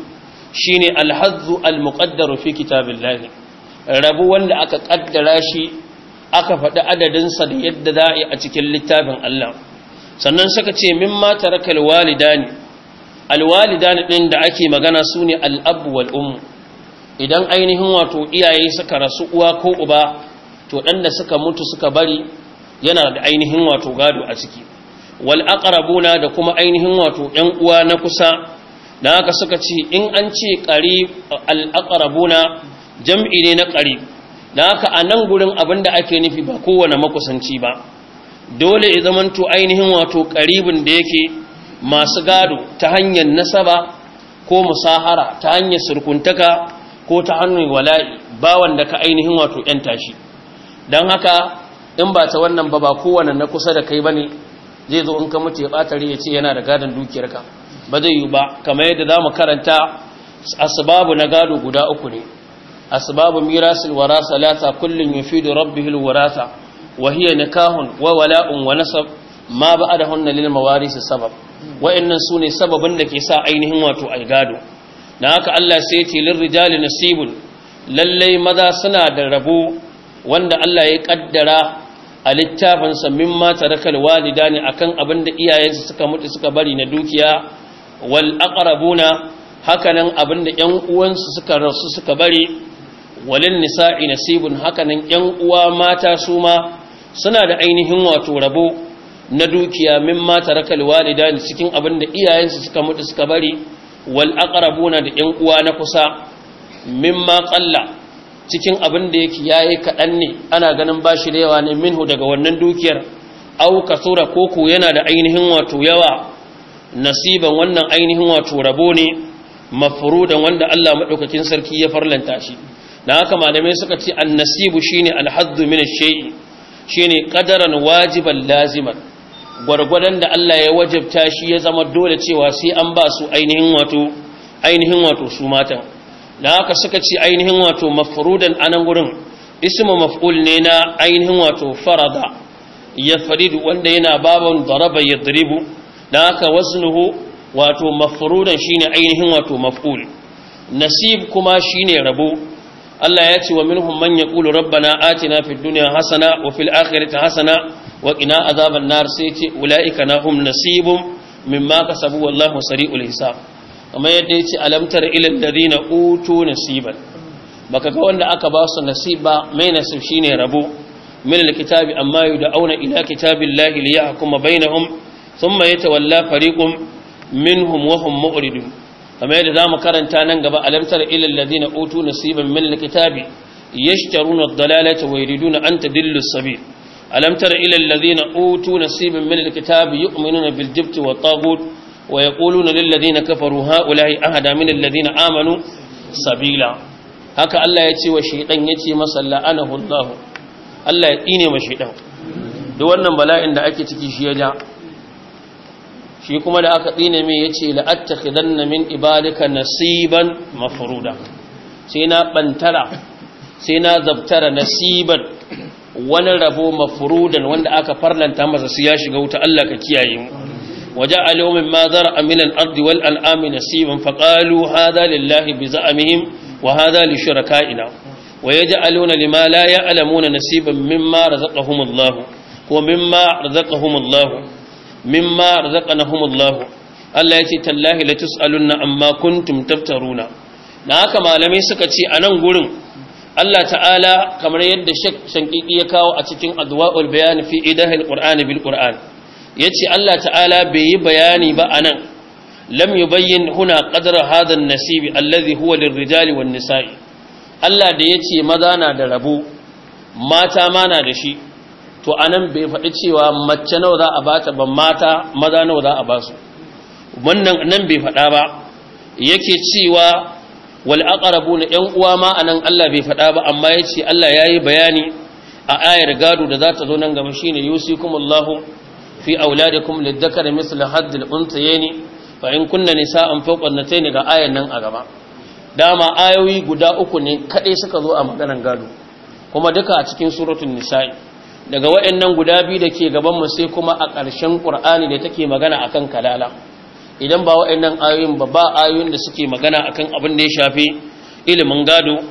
shine alhazzu almuqaddaru fi kitabillah rabu wanda aka kaddara shi aka faɗi adadin sa da yadda za a yi a cikin littafin Allah sannan suka ce mimma tarakal walidani alwalidani din da ake magana sune al'abu abu wal idan ainihin wato iyaye suka rasu uwa ko uba to dan da suka mutu suka bari yana da ainihin wato gado a ciki wal aqrabuna da kuma ainihin wato yan uwa na kusa dan haka suka ce in an ce qarib al aqrabuna jam'i ne na qarib dan haka a nan gurin abinda ake nufi ba kowane makusanci ba dole ya zamanto ainihin wato qaribin da yake masu gado ta hanyar nasaba ko musahara ta hanyar surkuntaka ko ta hannun wala'i bawan da ka ainihin wato yanta shi don haka in ba ta wannan ba ba kowane na kusa da kai ba ne zai zo in ka mutu ya batare ya ce yana da gadon dukiyarka ba zai yi ba kamar yadda za mu karanta asbabu na gado guda uku ne asbabu mirasil warasa lata da rabbi hil warasa wa hiya nikahun wa wala'un wa nasab ma hannun lil mawarisi sabab wa'annan sune sababin da ke sa ainihin wato al gado Na haka Allah sai tilin ce lirrijali nasibun lallai maza suna da rabo wanda Allah ya kaddara a littafin sa mimma tarakal walidani akan abin da iyayensu suka mutu suka bari na dukiya wal aqrabuna hakanan abin da ƴan uwansu suka rasu suka bari walin nisa'i nasibun hakanan ƴan uwa mata su ma suna da ainihin wato rabo na dukiya mimma tarakal walidani walida cikin abin da iyayensu suka mutu suka bari wal aqrabuna da yan uwa na kusa mimma qalla cikin abin da yake yayi kaɗan ne ana ganin bashi da yawa ne minhu daga wannan dukiyar au kasura koko yana da ainihin wato yawa nasiban wannan ainihin wato rabo ne mafrudan wanda Allah madaukakin sarki ya farlanta shi dan haka malamai suka ce an nasibu shine al min shine qadaran wajiban laziman gwargwadon da Allah ya wajabta shi ya zama dole cewa sai an ba su ainihin wato ainihin wato su matan da haka suka ce ainihin wato mafrudan anan gurin ismu maf'ul ne na ainihin wato farada ya Faridu, wanda yana baban daraba dribu da haka wasnuhu wato mafrudan shine ainihin wato maf'ul nasib kuma shine rabo Allah ya ce wa minhum man yaqulu rabbana atina fid dunya hasana wa fil akhirati hasana wa qina azaban nar sai ce ulaika nahum nasibum mimma kasabu wallahu sari'ul hisab amma yadda yace alamtar ilal ladina utu nasiban baka ga wanda aka ba su nasiba mai nasib shine rabo min alkitabi amma yud'auna ila kitabillahi liyahkuma bainahum thumma yatawalla fariqum minhum wa hum mu'ridun amma yadda zamu karanta nan gaba alamtar ilal ladina utu nasiban min alkitabi yashtaruna ad-dalalata wa yuriduna an tadillu as-sabil Alamtar tara ila utu nasiban min alkitabi yu'minuna bil jibti wat taghut wa yaquluna lil ladina kafaru haula'i ahada min alladhina amanu sabila haka Allah ya ce wa shaydan yace masa la'anahu Allah Allah ya tsine ma shaydan duk wannan bala'in da ake ciki shi ya shi kuma da aka tsine mai ya ce la'attakhidanna min ibadika nasiban mafuruda. sai na bantara sai na zabtara nasiban wani rabo mafurudan wanda aka farlanta masa su ya shiga wuta Allah ka kiyaye mu waje alomin ma zara aminan ardi wal al'ami nasiban faƙalu hada lillahi bi za'amihim wa hada li shuraka'ina wa yaj'aluna lima la ya'lamuna nasiban mimma razaqahumullahu ko mimma razaqahumullahu mimma razaqanahumullahu Allah yace tallahi la tus'alunna amma kuntum taftaruna Na haka malamai suka ce a nan gurin Allah ta'ala kamar yadda shankiki ya kawo a cikin adwa'ul bayani fi idahil qur'ani bil ya yace Allah ta'ala bai yi bayani ba anan lam bayyana huna ƙadar hadha an-nasibi alladhi huwa lirrijali wan nisa'i Allah da yace maza na da rabo mata ma na da shi to anan bai faɗi cewa mace nawa za a ta ba mata maza nawa za a su, wannan nan bai faɗa ba yake cewa wal na yan uwa ma anan Allah bai faɗa ba amma yace Allah ya yi bayani a ayar gado da za ta zo nan gaba shine Allah fi auladikum lidhakari mislu haddil untayni fa in kunna nisa'an fawqa an ga ayar nan a gaba dama ayoyi guda uku ne kaɗai suka zo a maganar gado kuma duka a cikin suratul nisa'i daga wayannan guda biyu da ke gaban mu sai kuma a ƙarshen Ƙur'ani da take magana akan kalala idan ba wa'annan ayoyin ba ba ayoyin da suke magana akan abin da ya shafi ilimin gado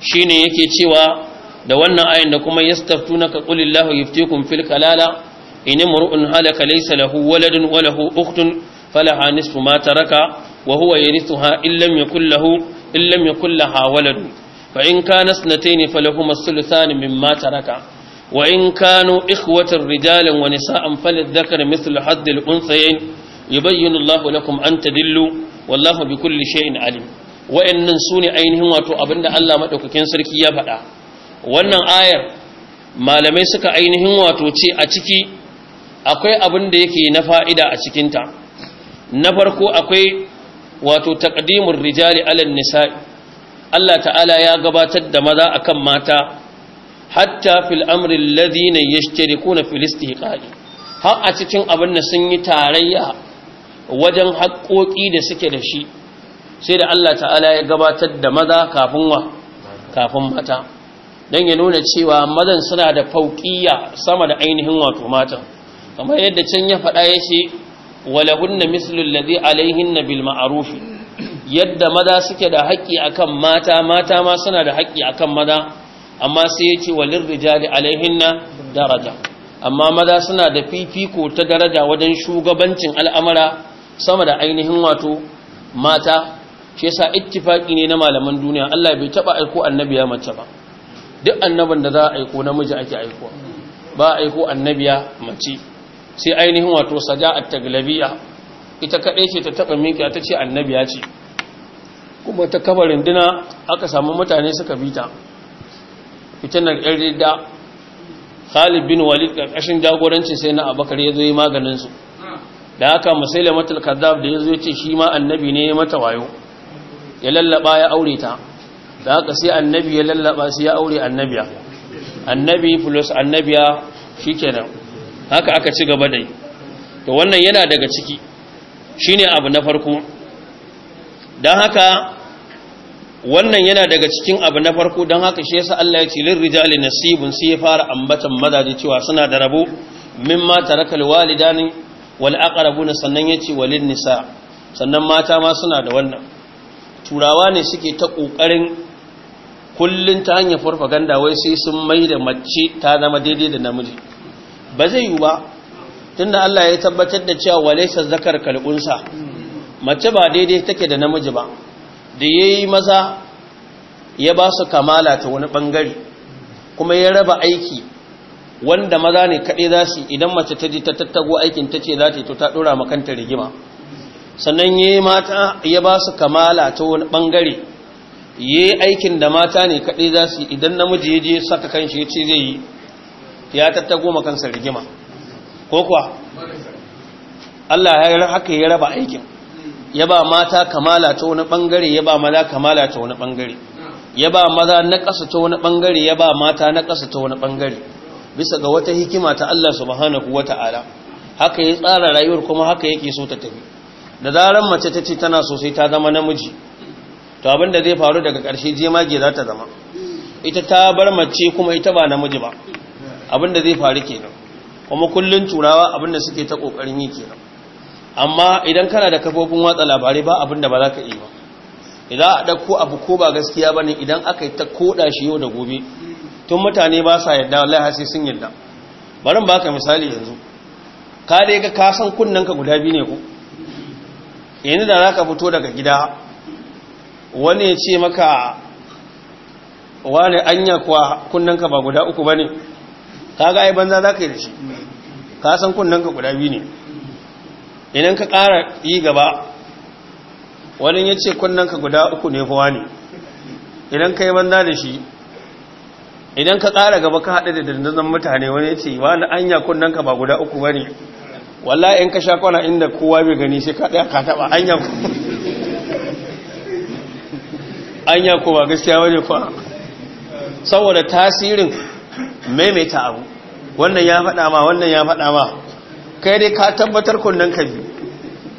shine yake cewa da wannan ayin da kuma yastaftunaka qulillahu yuftikum fil kalala in imru'un halaka laysa lahu waladun wa lahu ukhtun falaha nisfu ma taraka wa huwa yarithuha in lam yakul lahu in lam yakul laha waladun fa in kana sanatayn falahuma thuluthani mimma taraka wa in kanu ikhwatan rijalan wa nisaan falidhakari mithlu haddil unthayayn yubayyinu Allahu lakum an tadillu bi bikulli shay'in alim wayannan sune ainihin wato abinda Allah madaukakin sarki ya faɗa wannan ayar malamai suka ainihin wato ce a ciki akwai abin da yake na fa'ida a cikinta. na farko akwai wato taqdimur rijali alal nisa'i Allah ta'ala ya gabatar da maza akan mata hatta fil amri alladhina yashtarikuna fil istihqa'i har a cikin abin da sun yi tarayya wajen haƙoƙi da suke da shi sai da Allah ta'ala ya gabatar da maza kafin wa kafin mata don ya nuna cewa mazan suna da fauƙiya sama da ainihin wato matan kamar yadda can ya faɗa ya ce walahunna mislul alaihin alaihinna bil ma'arufi yadda maza suke da haƙƙi akan mata mata ma suna da haƙƙi akan maza amma sai ya ce walin rijali na daraja amma maza suna da fifiko ta daraja wajen shugabancin al'amara sama da ainihin wato mata shi yasa ittifaqi ne na malaman duniya Allah bai taba aiko annabiya mace ba duk annaban da za a aiko namiji ake aiko ba aiko annabiya mace sai ainihin wato Saja saja'at taglabiya ita kadai ce ta taba miki ta ce annabiya ce kuma ta kabarin dina aka samu mutane suka bita fitanar yar da Khalid bin Walid ƙarƙashin jagoranci, sai na Abakar ya zo yi maganin su da haka matul kazzab da yazo yace shi ma annabi ne mata wayo ya lallaba ya aure ta da haka sai annabi ya lallaba sai ya aure annabiya annabi plus annabiya shikenan haka aka ci gaba dai to wannan yana daga ciki shine abu na farko dan haka wannan yana daga cikin abu na farko don haka shi yasa Allah ya ce lir rijali nasibun sai ya fara ambatan mazaje cewa suna da rabo mimma tarakal walidani wal aqrabuna sannan yace walin nisa sannan mata ma suna da wannan turawa ne suke ta kokarin kullun ta hanyar farfaganda wai sai sun mai da mace ta zama daidai da namiji ba zai yi ba tunda Allah ya tabbatar da cewa walaysa zakar kalbunsa mace ba daidai take da namiji ba da yayi maza ya ba su kamala ta wani bangare kuma ya raba aiki wanda maza ne kaɗe za su idan mace ta ji ta tattago aikin ta ce za ta to ta ɗora makanta rigima sannan ya yi mata ya ba su kamala ta wani ɓangare ya yi aikin da mata ne kaɗe za su idan namiji ya je saka kanshi ya ce zai yi ya tattago makansa rigima ko kuwa Allah ya yi haka ya raba aikin ya ba mata kamala ta wani ɓangare ya ba maza kamala ta wani ɓangare ya ba maza na ƙasa ta wani ɓangare ya ba mata na ƙasa ta wani ɓangare bisa ga wata hikima ta Allah subhanahu wata'ala haka ya tsara rayuwar kuma haka yake so ta tafi da zaran mace ta ce tana so sai ta zama namiji to abin da zai faru daga ƙarshe jemage za ta zama ita ta bar mace kuma ita ba namiji ba abin da zai faru kenan kuma kullun turawa abin da suke ta kokarin yi kenan amma idan kana da kafofin watsa labarai ba abin da ba za ka yi ba idan a ɗauko abu ko ba gaskiya ba ne idan aka yi ta koɗa shi yau da gobe tun mutane ba sa yadda wallahi har sai sun yadda bari ba ka misali yanzu ka ya ga kasan kunnen ka guda biyu ne ku. yanzu da za ka fito daga gida wani ya ce maka wani anya kuwa kunnanka ba guda uku ba ne ka ga ai banza za ka yi da shi ka san kunnanka guda biyu ne idan ka ƙara yi gaba wani ya ce kunnanka guda uku ne fa wani idan ka yi banza da shi idan ka tsara gaba ka haɗu da dandazon mutane wani ce ba na anya kunnen ka ba guda uku ba ne wallah in ka sha kwana inda kowa bai gani sai ka ɗaya ka taɓa anya ku anya ku ba gaskiya wani kwa saboda tasirin maimaita abu wannan ya faɗa ma wannan ya faɗa ma kai dai ka tabbatar kunnen ka bi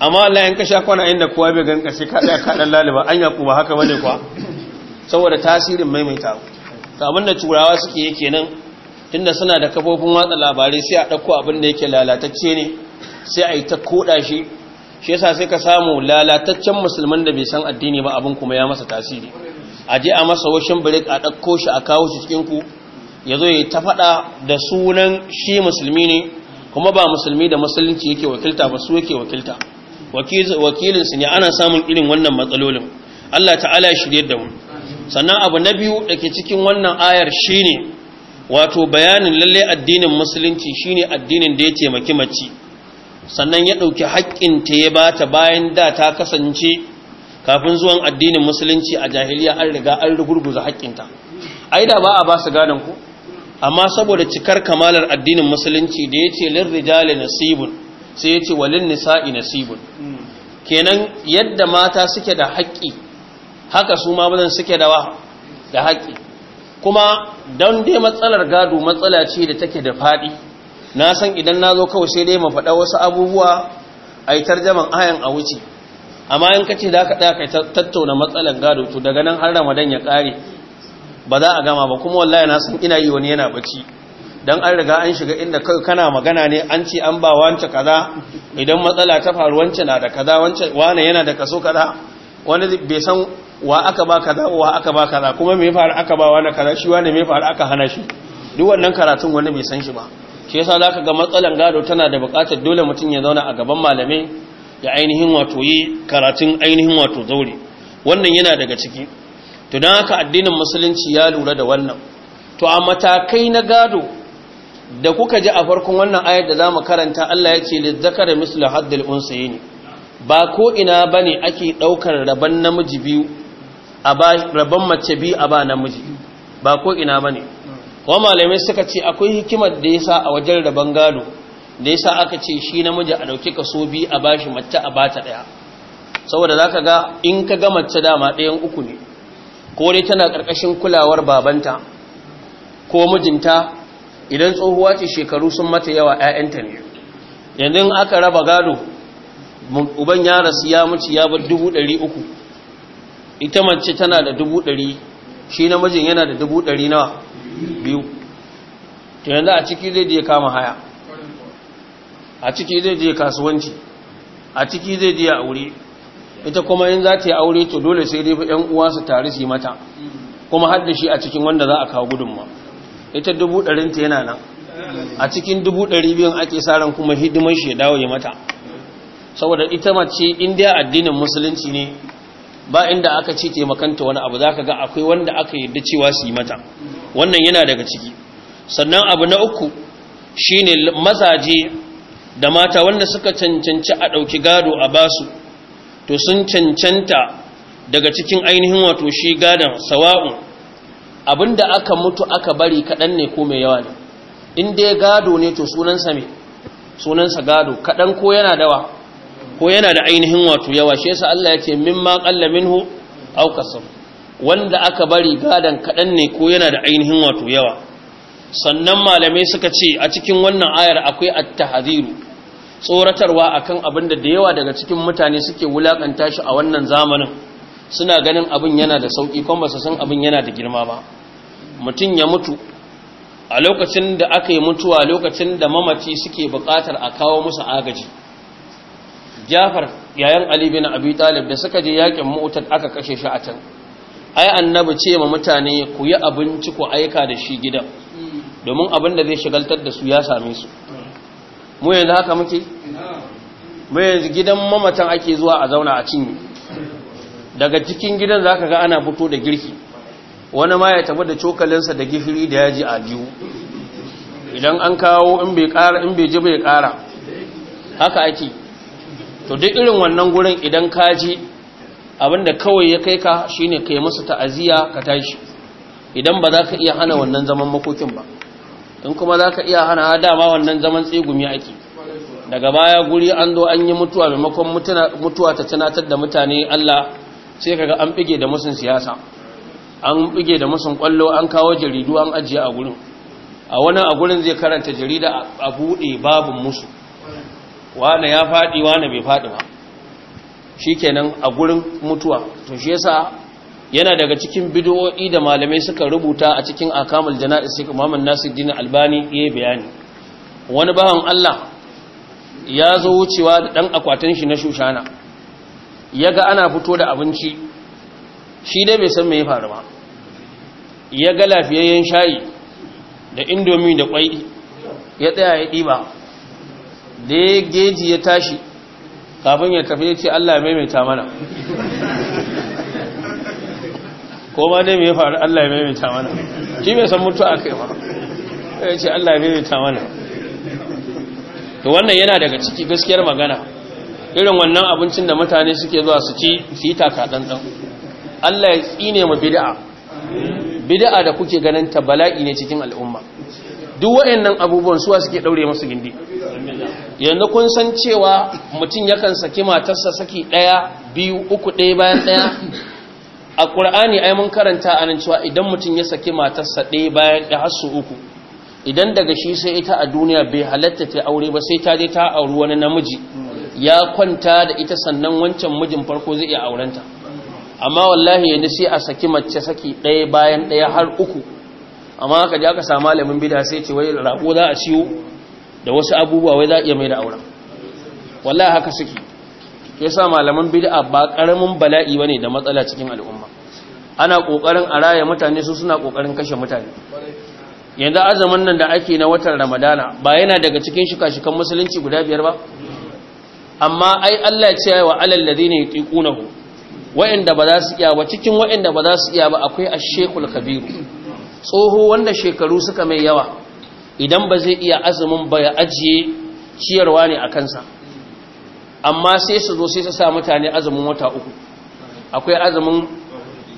amma walla in ka sha kwana inda kowa bai gani sai ka ɗaya ka ɗan laliba anya ku ba haka ne kwa saboda tasirin maimaita abu ta da turawa suke yake kenan tunda suna da kafofin watsa labarai sai a ɗauko abin da yake lalatacce ne sai a yi ta koɗa shi shi yasa sai ka samu lalataccen musulman da bai san addini ba abin kuma ya masa tasiri a je a masa washin birik a ɗauko shi a kawo shi cikin ya zo ya ta faɗa da sunan shi musulmi ne kuma ba musulmi da musulunci yake wakilta ba su yake wakilta wakilinsu ne ana samun irin wannan matsalolin Allah ta'ala ya shirye da mu sannan abu na biyu da ke cikin wannan ayar shine wato bayanin lalle addinin musulunci shine addinin da ya taimaki mace sannan ya ɗauki haƙƙin ta ya ta bayan da ta kasance kafin zuwan addinin musulunci a jahiliya an riga an rugurguza haƙƙinta ai da ba a ba su gadon ku amma saboda cikar kamalar addinin musulunci da ya ce yace rijali nasibun sai ya ce walin nisa'i nasibun hmm. kenan yadda mata suke da haƙƙi haka su ma mazan suke dawa da haƙƙi kuma don dai matsalar gado matsala ce da take da faɗi na san idan na zo kawai sai dai ma faɗa wasu abubuwa a yi tarjaman ayan a wuce amma in kace ce da aka ɗaya ka tattauna matsalar gado to daga nan har ramadan ya ƙare ba za a gama ba kuma wallahi na san ina yi wani yana baci. dan an riga an shiga inda kai kana magana ne an ce an ba wance kaza idan matsala ta faru wance na da kaza wance wane yana da kaso kaza wani bai san wa aka ba kaza wa aka ba kaza kuma me faru aka ba wani kaza shi wani me faru aka hana shi duk wannan karatun wani bai san shi ba shi yasa zaka ga matsalan gado tana da buƙatar dole mutum ya zauna a gaban malamai ya ainihin wato yi karatun ainihin wato zaure wannan yana daga ciki to dan haka addinin musulunci ya lura da wannan to a matakai na gado da kuka ji a farkon wannan ayar da zamu karanta Allah ya ce zakara mislu haddil unsayni ba ko ina bane ake daukar rabon namiji biyu a ba rabon mace bi a ba namiji ba ko ina bane wa malamai suka ce akwai hikimar da ya sa a wajen rabon gado da ya sa aka ce shi namiji a dauki kaso bi a bashi mace a ba ta ɗaya saboda za ka ga in ka ga mace dama ɗayan uku ne ko dai tana ƙarƙashin kulawar babanta ko mijinta idan tsohuwa ce shekaru sun mata yawa ƴaƴanta ne yanzu aka raba gado uban ya rasu ya mace ya bar dubu ɗari uku ita mace tana da dubu ɗari shi namijin yana da dubu ɗari na biyu To yanzu a ciki zai je kama haya a ciki zai je kasuwanci a ciki zai je aure ita kuma in za ta yi aure to dole sai dai yan uwa su tare su yi mata kuma har da shi a cikin wanda za a kawo gudunma ita dubu ɗarinta yana nan a cikin dubu ɗari biyun ake ran kuma hidimar shi ya dawo ya mata saboda ita mace indiya addinin musulunci ne ba inda aka ce taimakanta wani abu zaka ga akwai wanda aka yadda cewa su yi mata wannan yana daga ciki sannan abu na uku shi ne mazaje da mata wanda suka cancanci a ɗauki gado a basu to sun cancanta daga cikin ainihin wato shi gadon sawa'un abinda aka mutu aka bari kaɗan ne ko mai yawa ne in dai gado ne to sunansa me sunansa gado kaɗan ko yana dawa ko yana da ainihin wato yawa shi yasa Allah ya ce mimma qalla minhu aw kasab wanda aka bari gadan kadan ne ko yana da ainihin wato yawa sannan malamai suka ce a cikin wannan ayar akwai at-tahziru tsoratarwa akan abin da da yawa daga cikin mutane suke wulakanta shi a wannan zamanin suna ganin abin yana da sauki kuma ba su san abin yana da girma ba mutum ya mutu a lokacin da aka yi mutuwa lokacin da mamaci suke buƙatar a kawo musu agaji jafar yayan ali bin abi talib da suka je yakin mu'tad aka kashe shi a can ai annabi ce ma mutane ku yi abinci ku aika da shi gidan domin abin da zai shigaltar da su ya same su mu yanzu haka muke mu yanzu gidan mamatan ake zuwa a zauna a cinye daga cikin gidan zaka ga ana fito da girki wani ma ya tafi da cokalinsa da gishiri da yaji a biyu idan an kawo in bai kara in bai ji bai ƙara haka ake to duk irin wannan gurin idan ka ji abinda kawai ya kai ka shine kai musu ta'aziya ka tashi idan ba za ka iya hana wannan zaman makokin ba in kuma za ka iya hana dama wannan zaman tsegumi ake daga baya guri an zo an yi mutuwa maimakon mutuwa ta tunatar da mutane Allah sai kaga an bige da musun siyasa an bige da musun kwallo an kawo jaridu an ajiye a gurin a wani a gurin zai karanta jarida a buɗe babin musu wane ya faɗi wane bai faɗi ba shi kenan a gurin mutuwa to shi yasa yana daga cikin bidiyo'i da malamai suka rubuta a cikin akamul jana'is sai Muhammad Nasiruddin Albani yi bayani wani bahan Allah ya zo wucewa da ɗan akwatin shi na shushana ya ga ana fito da abinci shi dai bai san me ya faru ba Ya ga lafiyayyen shayi da indomi da kwai ya tsaya ya diba da ya geji ya tashi kafin ya tafi ya ce Allah ya maimaita mana ko ma dai mai faru Allah ya maimaita mana shi mai san mutu a kai ma. ya ce Allah ya maimaita mana to wannan yana daga ciki gaskiyar magana irin wannan abincin da mutane suke zuwa su ci su yi taka ɗanɗan Allah ya tsine mu bida'a. Bida'a da kuke ganin ta bala'i ne cikin al'umma duk waɗannan abubuwan suwa suke ɗaure masu gindi yanzu kun san cewa mutum yakan saki matarsa saki ɗaya biyu uku ɗaya bayan ɗaya a ƙur'ani ai mun karanta anan cewa idan mutum ya saki matarsa ɗaya bayan ɗaya su uku idan daga shi sai ita a duniya bai halatta ta aure ba sai ta je ta auri wani namiji ya kwanta da ita sannan wancan mijin farko zai iya aurenta amma wallahi yanzu sai a saki mace saki ɗaya bayan ɗaya har uku amma aka je aka samu malamin bida sai ce wai rago za a ciwo da wasu abubuwa wai za a iya mai da auren wallahi haka suke sa malaman bid'a ba karamin bala'i bane da matsala cikin al'umma ana kokarin a raya mutane su suna kokarin kashe mutane yanzu azumin nan da ake na watan ramadana ba yana daga cikin shika-shikan musulunci guda biyar ba amma ai Allah ya ce wa alal ladina yutiqunahu wa'anda ba za su iya ba cikin wa'anda ba za su iya ba akwai ash-shaykhul kabir tsoho wanda shekaru suka mai yawa idan ba zai iya azumin ba ya ajiye ciyarwa ne a kansa amma sai su zo sai su sa mutane azumin wata uku akwai azumin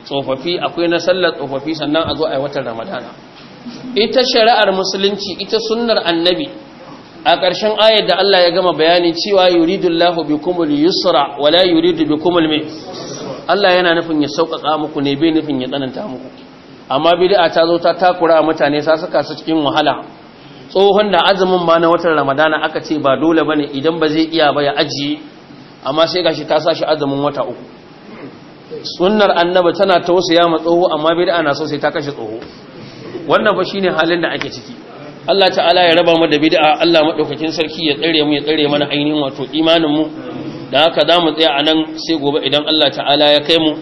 tsofaffi akwai na sallar tsofaffi sannan a zo a yi watan ramadana ita shari'ar musulunci ita sunnar annabi a ƙarshen ayar da Allah ya gama bayani cewa yuridullahu bikumul yusra wala yuridu bikumul mai Allah yana nufin ya sauƙaƙa muku ne bai nufin ya tsananta muku amma bid'a ta zo ta takura mutane sa saka su cikin wahala tsohon da azumin ma na watan ramadana aka ce ba dole bane idan ba zai iya ba ya ajiye amma sai gashi ta sashi azumin wata uku sunnar annaba tana tausaya ma tsoho amma bid'a na so sai ta kashe tsoho wannan ba shine halin da ake ciki Allah ta'ala ya raba mu da bid'a Allah madaukakin sarki ya tsare mu ya tsare mana ainihin wato imanin mu da haka zamu tsaya anan sai gobe idan Allah ta'ala ya kai mu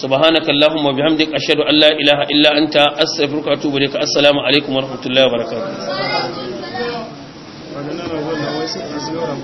subhanaka allahumma bihamdik ashhadu an la ilaha illa anta astaghfiruka wa atubu ilaik assalamu alaikum wa